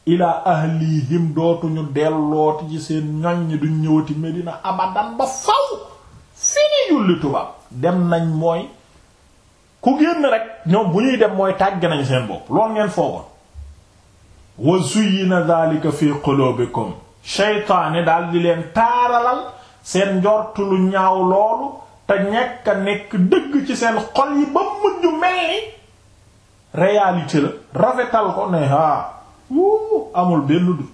ilaa ahlihim dootuñu dellooti ci seen ñoñ duñ ñëwati Medina abadan ba faw fi ñu yulli tubaab dem nañ mooy ku génn rek ñoom bu ñuy dem mooy tàgg nañ seen bopp lool ngeen foogoon wa zuyyina dhalika fi qulubikum shaytaane daal di leen taaralal seen njort lu ñaaw loolu te ñekk a nekk dëgg ci seen xol yi ba mujj mel ni la rafetal ko ne haa wuu amul benn du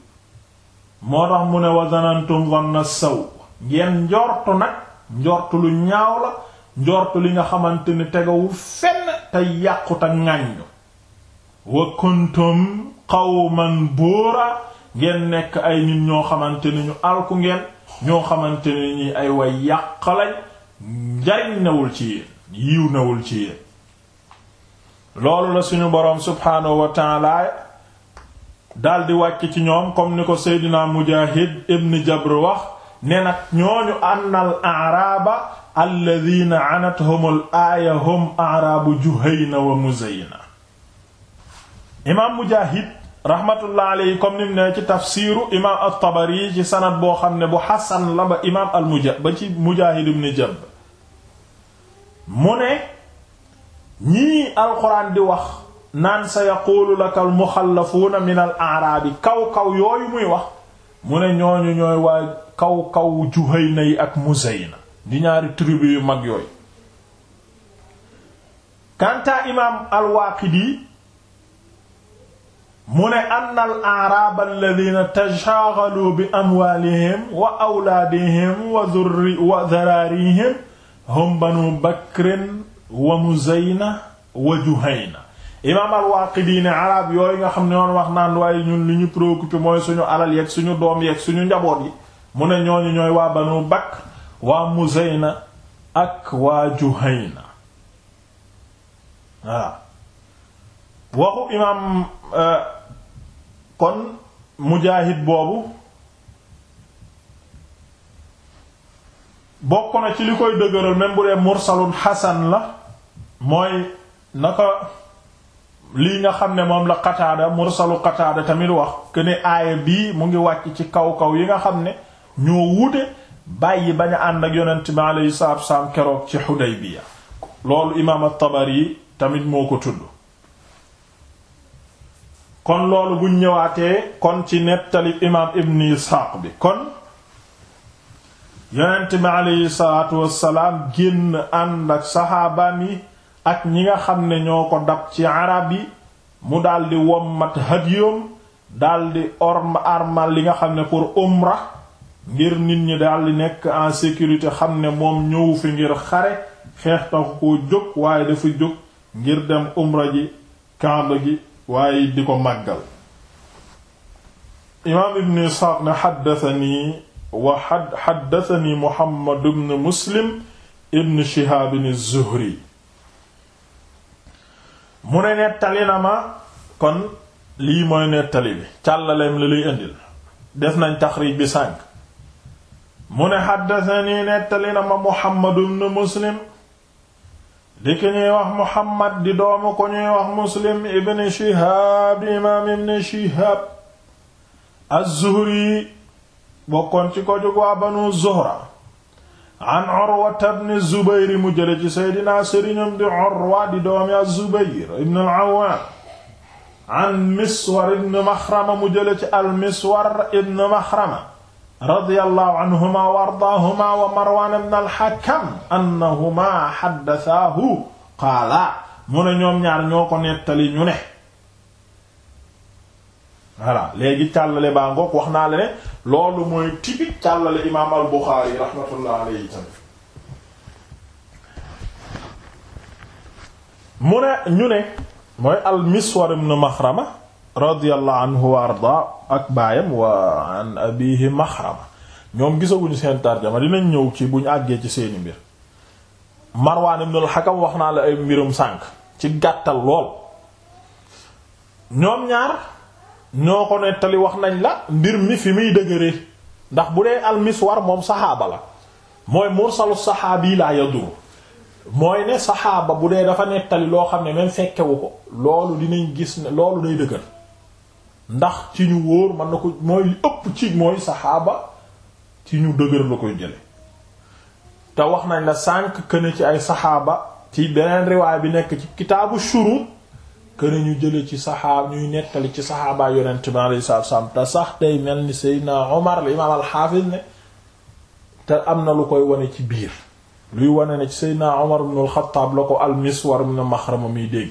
moo tax mu ne wazanantum zanna saw ngeen njortu nag njortu lu ñaaw la njortu li nga xamante ni tegawul fenn te yàqut ak ŋàññ wa kuntum qawman buura ngeen nekk ay nit ñoo xamante ni ñu alku ngeen ñoo xamante ñi ay way yàq lañ njariñ newul ci yéen yiw newul ci yéen loolu la suñu boroom subhaanahu wa taala daldi wàcc ci ñoom kom ni ko seydina Mujaahid ibn Jabr wax ne nag ñooñu ànnal aaraaba alladina anathumul aaya hum aaraabu Juhayna wa Muzayna imaam Mujaahid rahmatullah alayhi comme ni mu ne ci tafsiru imam at-Tabari ci sanad boo xam ne bu xasan la ba imam al-Muja ba ci Mujaahid ibn Jab mu ne ñii alquran di wax naan sa yaquulu laka al-muxallafuuna min al-a'raabi kaw kaw yooyu muy wax mu ne ñooñu ñooy waa kaw kaw Juhayna yi ak Muzayna di ñaari tribu yu mag yooyu kanta imam al-Waaqidi mu ne anna al aaraab alladina bi amwaalihim wa awlaadihim wa dhurri wa dharaarihim hum banu bakrin wa muzayna wa juhayna imaam al-Waaqidi araab yooyu nga xam ne yoon wax naan waaye ñun li ñu préoccupé mooy suñu alal yeeg suñu doom yeeg suñu njaboot yi mu ne ñooñu ñooy waa banu bakr waa muzayna ak waa juhayna waaw waxu imaam euh, kon mujaahid boobu bokk na ci li koy dëgëral même bu dee mursalun la mooy naka lii nga xam ne moom la qataada mursalu qataada tamit wax que ne aaya bii mu ngi wàcc ci kaw kaw yi nga xam ne ñoo wuute bàyyi bañ a ànd ak yonent bi alayhi salaatu wa keroog ci Hudaybiya loolu imaam at tamit moo ko tudd kon loolu buñ ñëwaatee kon ci nettali imaam ibn isxaaq bi kon yonent bi aleyhi salaatu wassalaam génn ànd ak saxaabaan yi ak ñi nga xam ne ñoo ko dab ci arab yi mu daldi wommat hadiyum daldi orma armal li nga xam ne pour umra ngir nit ñi daldi nekk en sécurité xam ne moom ñëw fi ngir xare xeex taxu koo jóg waaye dafa jóg ngir dem umra ji Kaaba gi waaye di ko màggal imaam ibn isxaaq ne xaddatani wa mu ne nettali na ma kon lii mooy nettali bi càllaleem li luy indil def nañ taxriij bi sànq mu ne xaddatani nettali na ma muhammad ibn muslim di ki ñuy wax Muhammad di doomu ko ñuy wax Muslim ibn Shihab imaam ibn Shihab az-Zuhri bokkoon ci ko jóg waa Banu Zuhra an Urwa ibn Zubayr mu jële ci Seydina sëriñam di Urwa di doomi az-Zubayr ibn al-Awwam an Miswar ibn Maxrama mu jële ci al-Miswar ibn Maxrama radiyallahu anhuma wa ardaahuma wa marwan ibn al-hakam annahuma haddathaahu qaala mu ne ñoom ñaar ñoo ko nettali ñu ne voilà léegi càllale baa ngoog wax naa la ne loolu mooy typique càllale imaam al buxaari rahmatullah alayhi tamit mu ne ñu ne mooy al miswar ibn maxrama radiyallahu anhu wa ardaa ak baayam wa an abihi maxrama ñoom gisaguñu seen tarjama dinañ ñëw ci buñ àggee ci seeni mbir marwaan ibn al-hakam wax naa la ay mbirum sànk ci gàttal lool ñoom ñaar wax nañ la mbir mi fi muy dëgëre ndax bu dee almiswar moom saxaaba la mooy mursalu saxaabi laa yadur mooy ne saxaaba bu dee dafa nettali loo xam ne même fekkewu ko loolu dinañ gis ne loolu day dëgër ndax ci ñu wóor mën na ko mooy ëpp ci mooy saxaaba ci ñu dëgër la koy jële te wax nañ la sànk këne ci ay saxaaba ci beneen riwaay bi nekk ci kitaabu shurut këne ñu jële ci saxaaba ñuy nettali ci saxaaba yonent bi alayhi salaam te sax tey mel ni Seydina Omar la imaam al-Hafiz ne te am na lu koy wane ci biir luy wane ne ci Seydina Omar ibn al-Khattab la ko al-Miswar ibn Maxrama muy dégg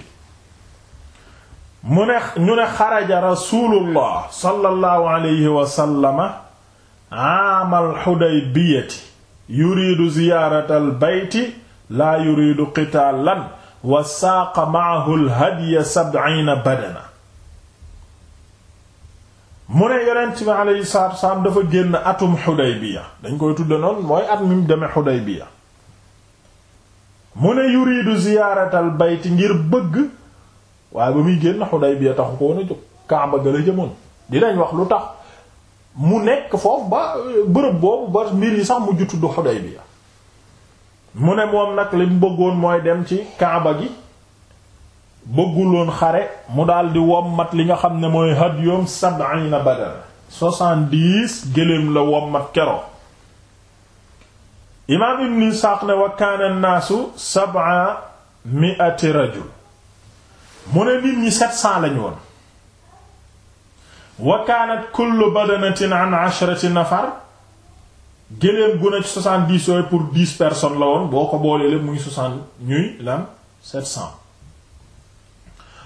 mu ne ñu ne xaraja rasulullah sallallahu alayhi wa sallama aamal xudaybiyati yuriidu ziyaarata albayti laa yuriidu qitaalan wa maahu alhadya sab'iina badana mu ne yonent bi alayhi salaatu wasalaam dafa génn atum xudaybiya dañ koy tudde noonu mooy at mi mu demee xudaybiya mu ne yuriidu ziyaaratal bayti ngir bëgg waaye ba muy génn Xudaybiya taxu ko woon jóg Kaaba ga la jëmoon dinañ wax lu tax mu nekk foofu ba bërëb boobu ba mbir yi sax mu ju tudd Xudaybiya mu ne moom nag li mu bëggoon mooy dem ci Kaaba gi bëgguloon xare mu daldi wommat li nga xam ne mooy hadyum sab'ina badar soixante-dix gëléem la wommat kero imaam ibn Isaaq ne wa kaana an-naasu sab'a mi'ati rajul mu ne nit ñi sept cent lañu woon wa kaanat kullu badanatin an ashrati nafar géléem gu ci soixante-dix yooyu pour dix personnes la woon boo ko boolee lépp muy soixante ñuy lan sept cent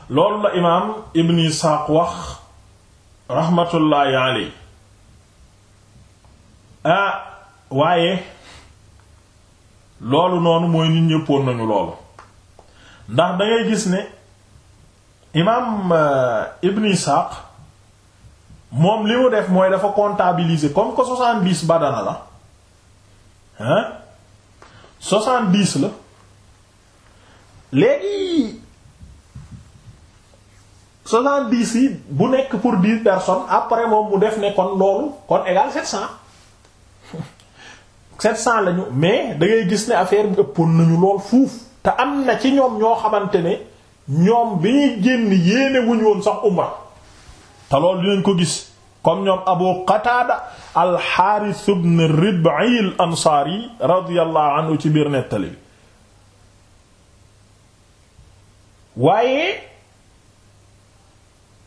loolu la imaam ibn Isaaq wax raxmatullaahi aley ah waaye loolu noonu mooy nit ñëppoon nañu loolu ndax dangay gis ne imaam euh, Ibn Isaaq moom li mu def mooy dafa comptabiliser comme que soixante-dix badana la hein soixante-dix la léegi soixante-dix yi bu nekk pour dix personnes après moom mu def ne kon loolu kon égal sept cent <laughs> sept cent lañu mais da ngay gis ne affaire bi ëppoon nañu lool fuuf te am na ci ñoom ñoo xamante ne. ñoom bi ñuy génn yéene woon sax umra te loolu dinañ ko gis comme ñoom abu qataada alxaaris ibn rib'i al ansaari radiyallahu anhu ci biir nettali bi waaye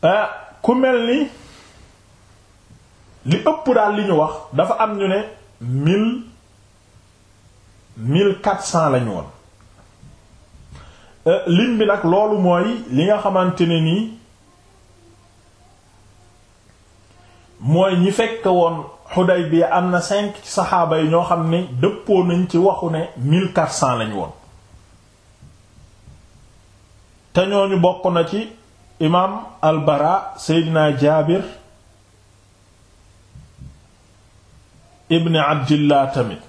ah, ku mel ni li ëpp daal li ñu wax dafa am ñu ne mille mille quatre cents lañu woon Euh, lim bi nag loolu mooy li nga xamante ne nii mooy ñi fekk woon xuday bi am na cinq saxaaba yi ñoo xam ne dëppoo nañ ci waxu ne mille quatre cent lañ woon te ñooñu bokk na ci imaam Al-Bara Seydina Jaabir ibn Abdillah tamit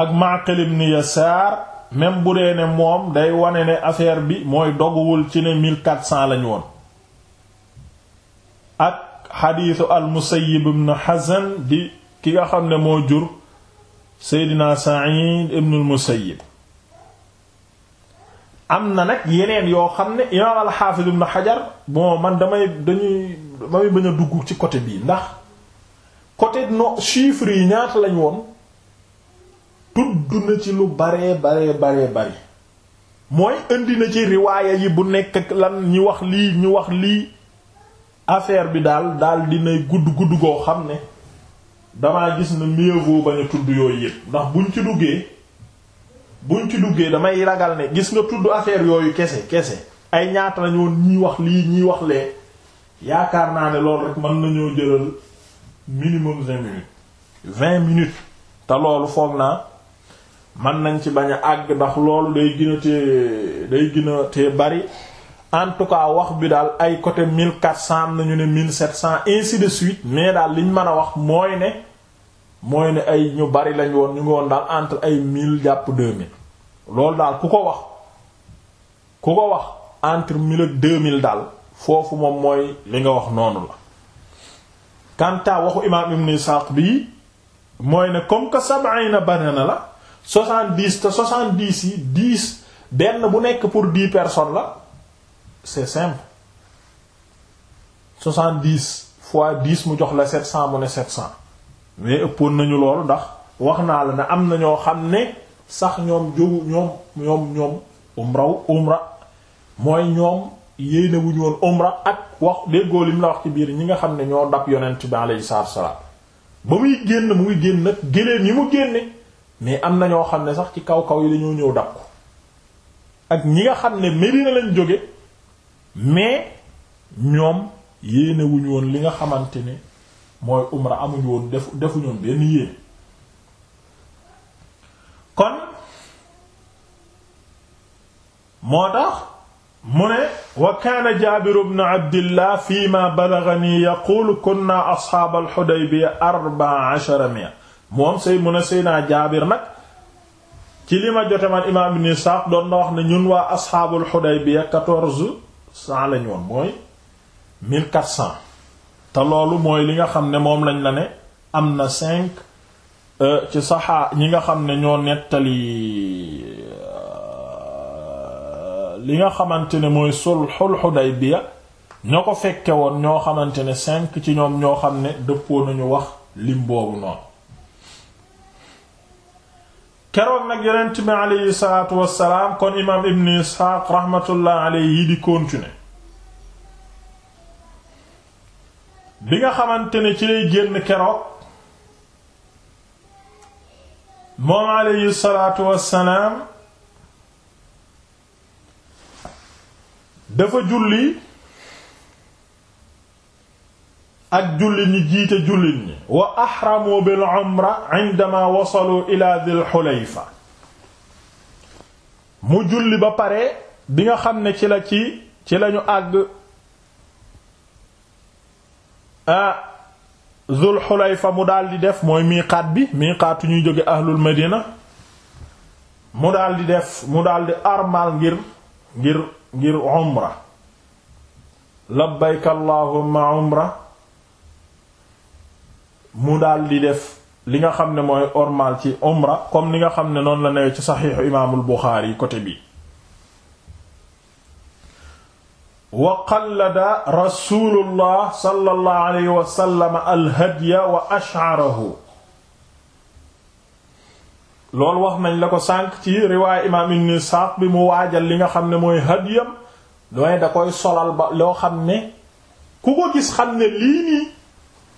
ak Maqil ibn Yasaar même bu dee ne moom day wane ne affaire bi mooy doguwul ci ne 1400 lañu woon ak xadiisu al-Musayyib ibn Hazn di ki nga xam ne moo jur Seydina Sa'id ibn al-Musayyib am na nag yeneen yoo xam ne imaam al-Hafiz ibn Hajar bon man damay dañuy damay bëñ a dugg ci côté bii ndax côté no chiffres yi ñaata lañ woon tudd na ci lu baree baree baree bari mooy indi na ci riwaaya yi bu nekk lan ñi wax lii ñu wax lii affaire bi daal daal dinay gudd gudd goo xam ne dama gis na mieux vaut tudd yooyu yépp ndax buñ ci duggee buñ ci duggee damay ragal ne gis nga tudd affaire yooyu kese kese ay ñaata lañ woon wax lii ñii wax lee yaakaar naa ne loolu rek mën nañoo jëlal minimum vingt te loolu foog naa man nañ ci bañ a àgg ndax loolu day gina a day gën bari en tout cas wax bi daal ay côté mille quatre cent am nañu ne mille sept cent ainsi de suite mais daal liñ mën a wax mooy ne mooy ne ay ñu bari lañ woon ñu ngi woon daal entre ay mille jàpp deux mille loolu daal ku ko wax ku ko wax entre mille ak deux mille daal foofu moom mooy li nga wax noonu la quant waxu imaam Ibn Ishaq bii mooy ne comme que sab'ina na la soixante-dix te soixante-dix yi dix benn bu nekk pour dix personne la c'est simple soixante-dix fois dix mu jox la sept cent mu ne sept mais ëppoon nañu loolu ndax wax naa la ne am na ñoo xam ne sax ñoom jógu ñoom ñoom ñoom umraw umra mooy ñoom yéene wuñu woon umra ak wax déggoo lim la wax ci biir ñi nga xam ne ñoo dab yonent bi alayhi salaatu wa salaam ba muy génn mu ngi génn nag yi mu génne mais am na ñoo xam ne sax ci kaw kaw yi dañoo ñëw dab ak ñi nga xam ne Medina lañ jóge mais ñoom yéene woon li nga xamante ne mooy umra amuñu woon defu defuñu woon benn yéene kon moo tax mu ne wa kaana jaabiru bnu abdillah fi ma balagani yaquulu kunna asxaaba alxudaybiya arba'a ashara mi'a moom say mun a naa Jaabir nag ci li ma jote man imaam Ibn Isxaaq doon na wax ne ñun waa asxaabul Xudaybiya quatorze cent lañ woon mooy mille quatre cent te loolu mooy li nga xam ne moom lañ la ne am na cinq euh, ci saxaa ñi nga xam ne ñoo nettali euh, li nga xamante ne mooy sulhul Xudaybiya ñoo ko fekkee woon ñoo xamante ne cinq ci ñoom ñoo xam ne dëppoo nañu wax lim boobu noonu keroog nag yonent bi aleyhi salaatu wassalaam kon imaam ibn isxaaq rahmatullah yi di continuer bi nga xamante ne ci lay génn keroog moom aleyhi salaatu wassalaam dafa julli ak jullit ñi jiite jullit ñi wa ahramu bil umra mu julli ba pare bi nga xam ne ci la ci ci lañu àgg ah dhul mu daldi def mooy miiqaat bi miiqaatu ñuy jóge ahlul madina mu daldi def mu daldi armal ngir ngir ngir umra labbayka allahumma mu daal di def li nga xam ne mooy ormal ci umra comme li nga xam ne noonu la newee ci saxiixu imaamul Buxaari côté bi wa qallada rasulullah sallallahu alayhi wa sallam alhadya wa ash'arahu loolu wax nañ la ko sànq ci riwaay imaam ibn Isxaaq bi mu waajal li nga xam ne mooy hadyam dooy da koy solal ba loo xam ne ku ko gis xam ne lii nii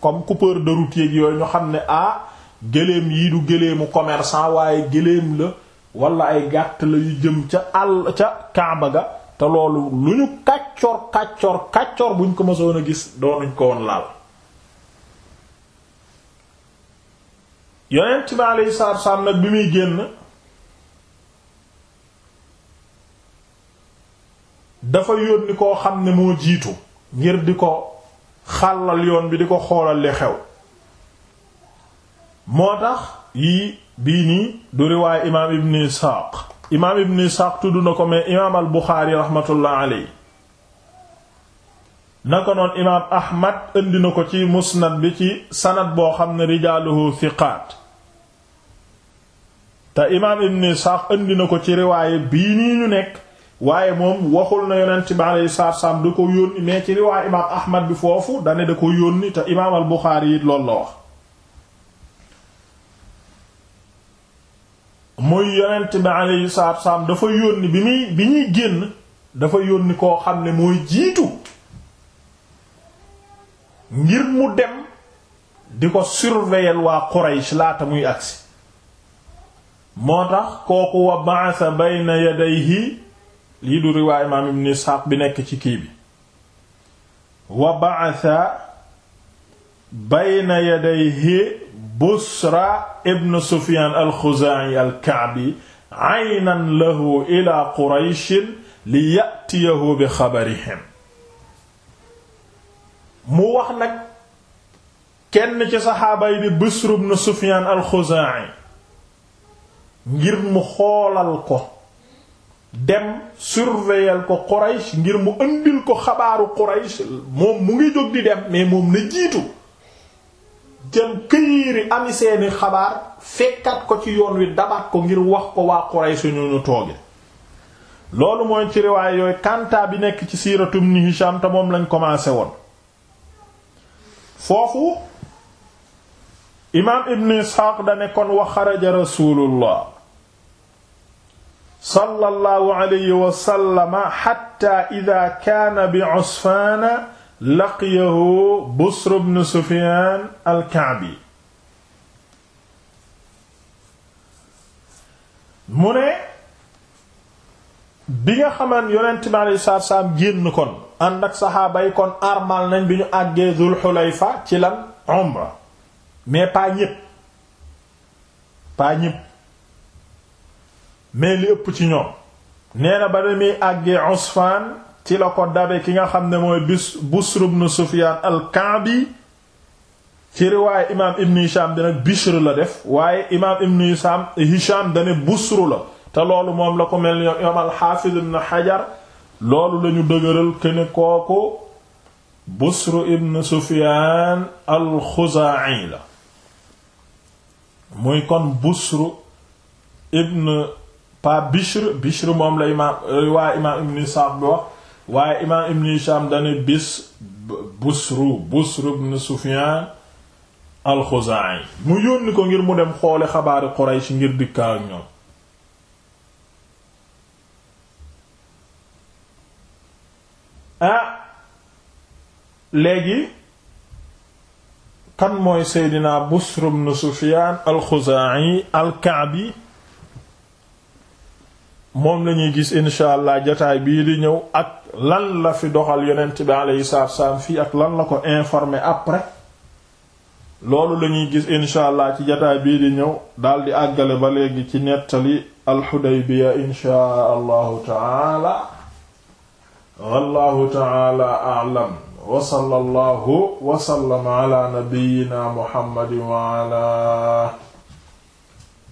comme coupeur de route yeeg ñu xam ne ah gëléem yii du gëléemu commerçant waaye gëléem la walla ay gàtt la yu jëm ca àll ca Kaaba ga te loolu lu ñu kàccoor kàccoor kàccoor buñ ko mësoon a gis doonuñ ko woon laal yonent bi alayhi salaatu bi muy génn dafa yónni koo xam ne moo jiitu ngir di ko xàllal yoon bi di ko xoolal li xew moo tax yii bii nii du riwaay imaam ibn isxaaq imaam ibn isxaaq tudd na ko mais imaam al buxaari raxmatullah aley na ko noon imaam ahmad indi na ko ci musnad bi ci sanad boo xam ne rijaaluhu thiqaat te imaam ibn isxaaq indi na ko ci riwaay bii nii ñu nekk waaye moom waxul na yonent bi alayhi salaatu wa salaam ko yónni mais ci riwaay imaam ahmad bi foofu dane da ko yónni te imaam al yi it loolu la wax muy yonent bi alayhi salaatu wa dafa yónni bi muy bi ñuy génn dafa yónni koo xam ne mooy jiitu ngir mu dem di ko surveiller waa Quraysh laata muy agsi moo tax kooku wa ba'atha bayna yadayhi lii du bi nekk ci kii bi wa ba'atha bayna yadayhi Busra ibn Sufyaan al-Xuzaa'i al-Ka'bi aynan lahu ila Qurayshin li ya'tiyahu bi xabarihim mu wax nag kenn ci saxaaba yi di Busr ibn Sufyaan al-Xuzaa'i ngir mu xoolal ko dem surveiller ko Quraysh ngir mu ëndil ko xabaaru Quraysh moom mu ngi jóg di dem mais moom na jiitu jëm këyiiri ami seeni xabaar fekkat ko ci yoon wi dabat ko ngir wax ko waa Quraysh ñu ñu tooge loolu mooy ci riwaay yooyu kanta bi nekk ci siiratum ni Hisham te moom lañ commencé woon foofu imaam Ibn Ishaq da nekkoon wa xaraja Rasulullah sallallahu alayhi wa sallama hatta idha kaana bi Usfaan laqiyahu Busr ibn Sufyaan al-Ka'bi mu ne bi nga xaman yonent bi alayhi salaatu salaam génn kon ànd ak saxaaba yi kon armal nañ bi ñu àggee Dul Xulayfa ci lan umra mais pas ñépp pas ñépp mais li ëpp ci ñoom nee na ba damuy àggee Usfaan ci la ko dabe ki nga xam ne mooy bis Busr ibn Sufyaan al-Ka'bi ci riwaaye imaam Ibn Hisham dana Bishr la def waaye imaam Ibn Hisham Hisham dana Busr la te loolu moom la ko mel yoom al-Hafiz ibn Hajar loolu lañu dëgëral këne kooku Busr ibn Sufyaan al-Xuzaa'i la muy kon Busr ibn pas Bishr Bishr moom la imaam riwaaye euh, imaam ibn Sa'd wax waaye imaam ibn Hisham dane bis Busru Busru ibn Sufyan al mu yónni ko ngir mu dem xoole xabaari Quraysh ngir dikkaa ak ñoom ah léegi kan mooy Seydina Busru ibn Sufyan al-Khuzai al-Ka'bi moom lañuy gis incha allah jataay bii di ñëw ak lan la fi doxal yonent bi alayhi salaatu wassalaam fii ak lan la ko informé après loolu lañuy gis incha ci jataay bii di ñëw di àggale ba léegi ci nettali alxudaybiya inchaa allahu taala wallahu taala alam wa sallallahu wa sallama ala nabiyyina muhammadin wa ala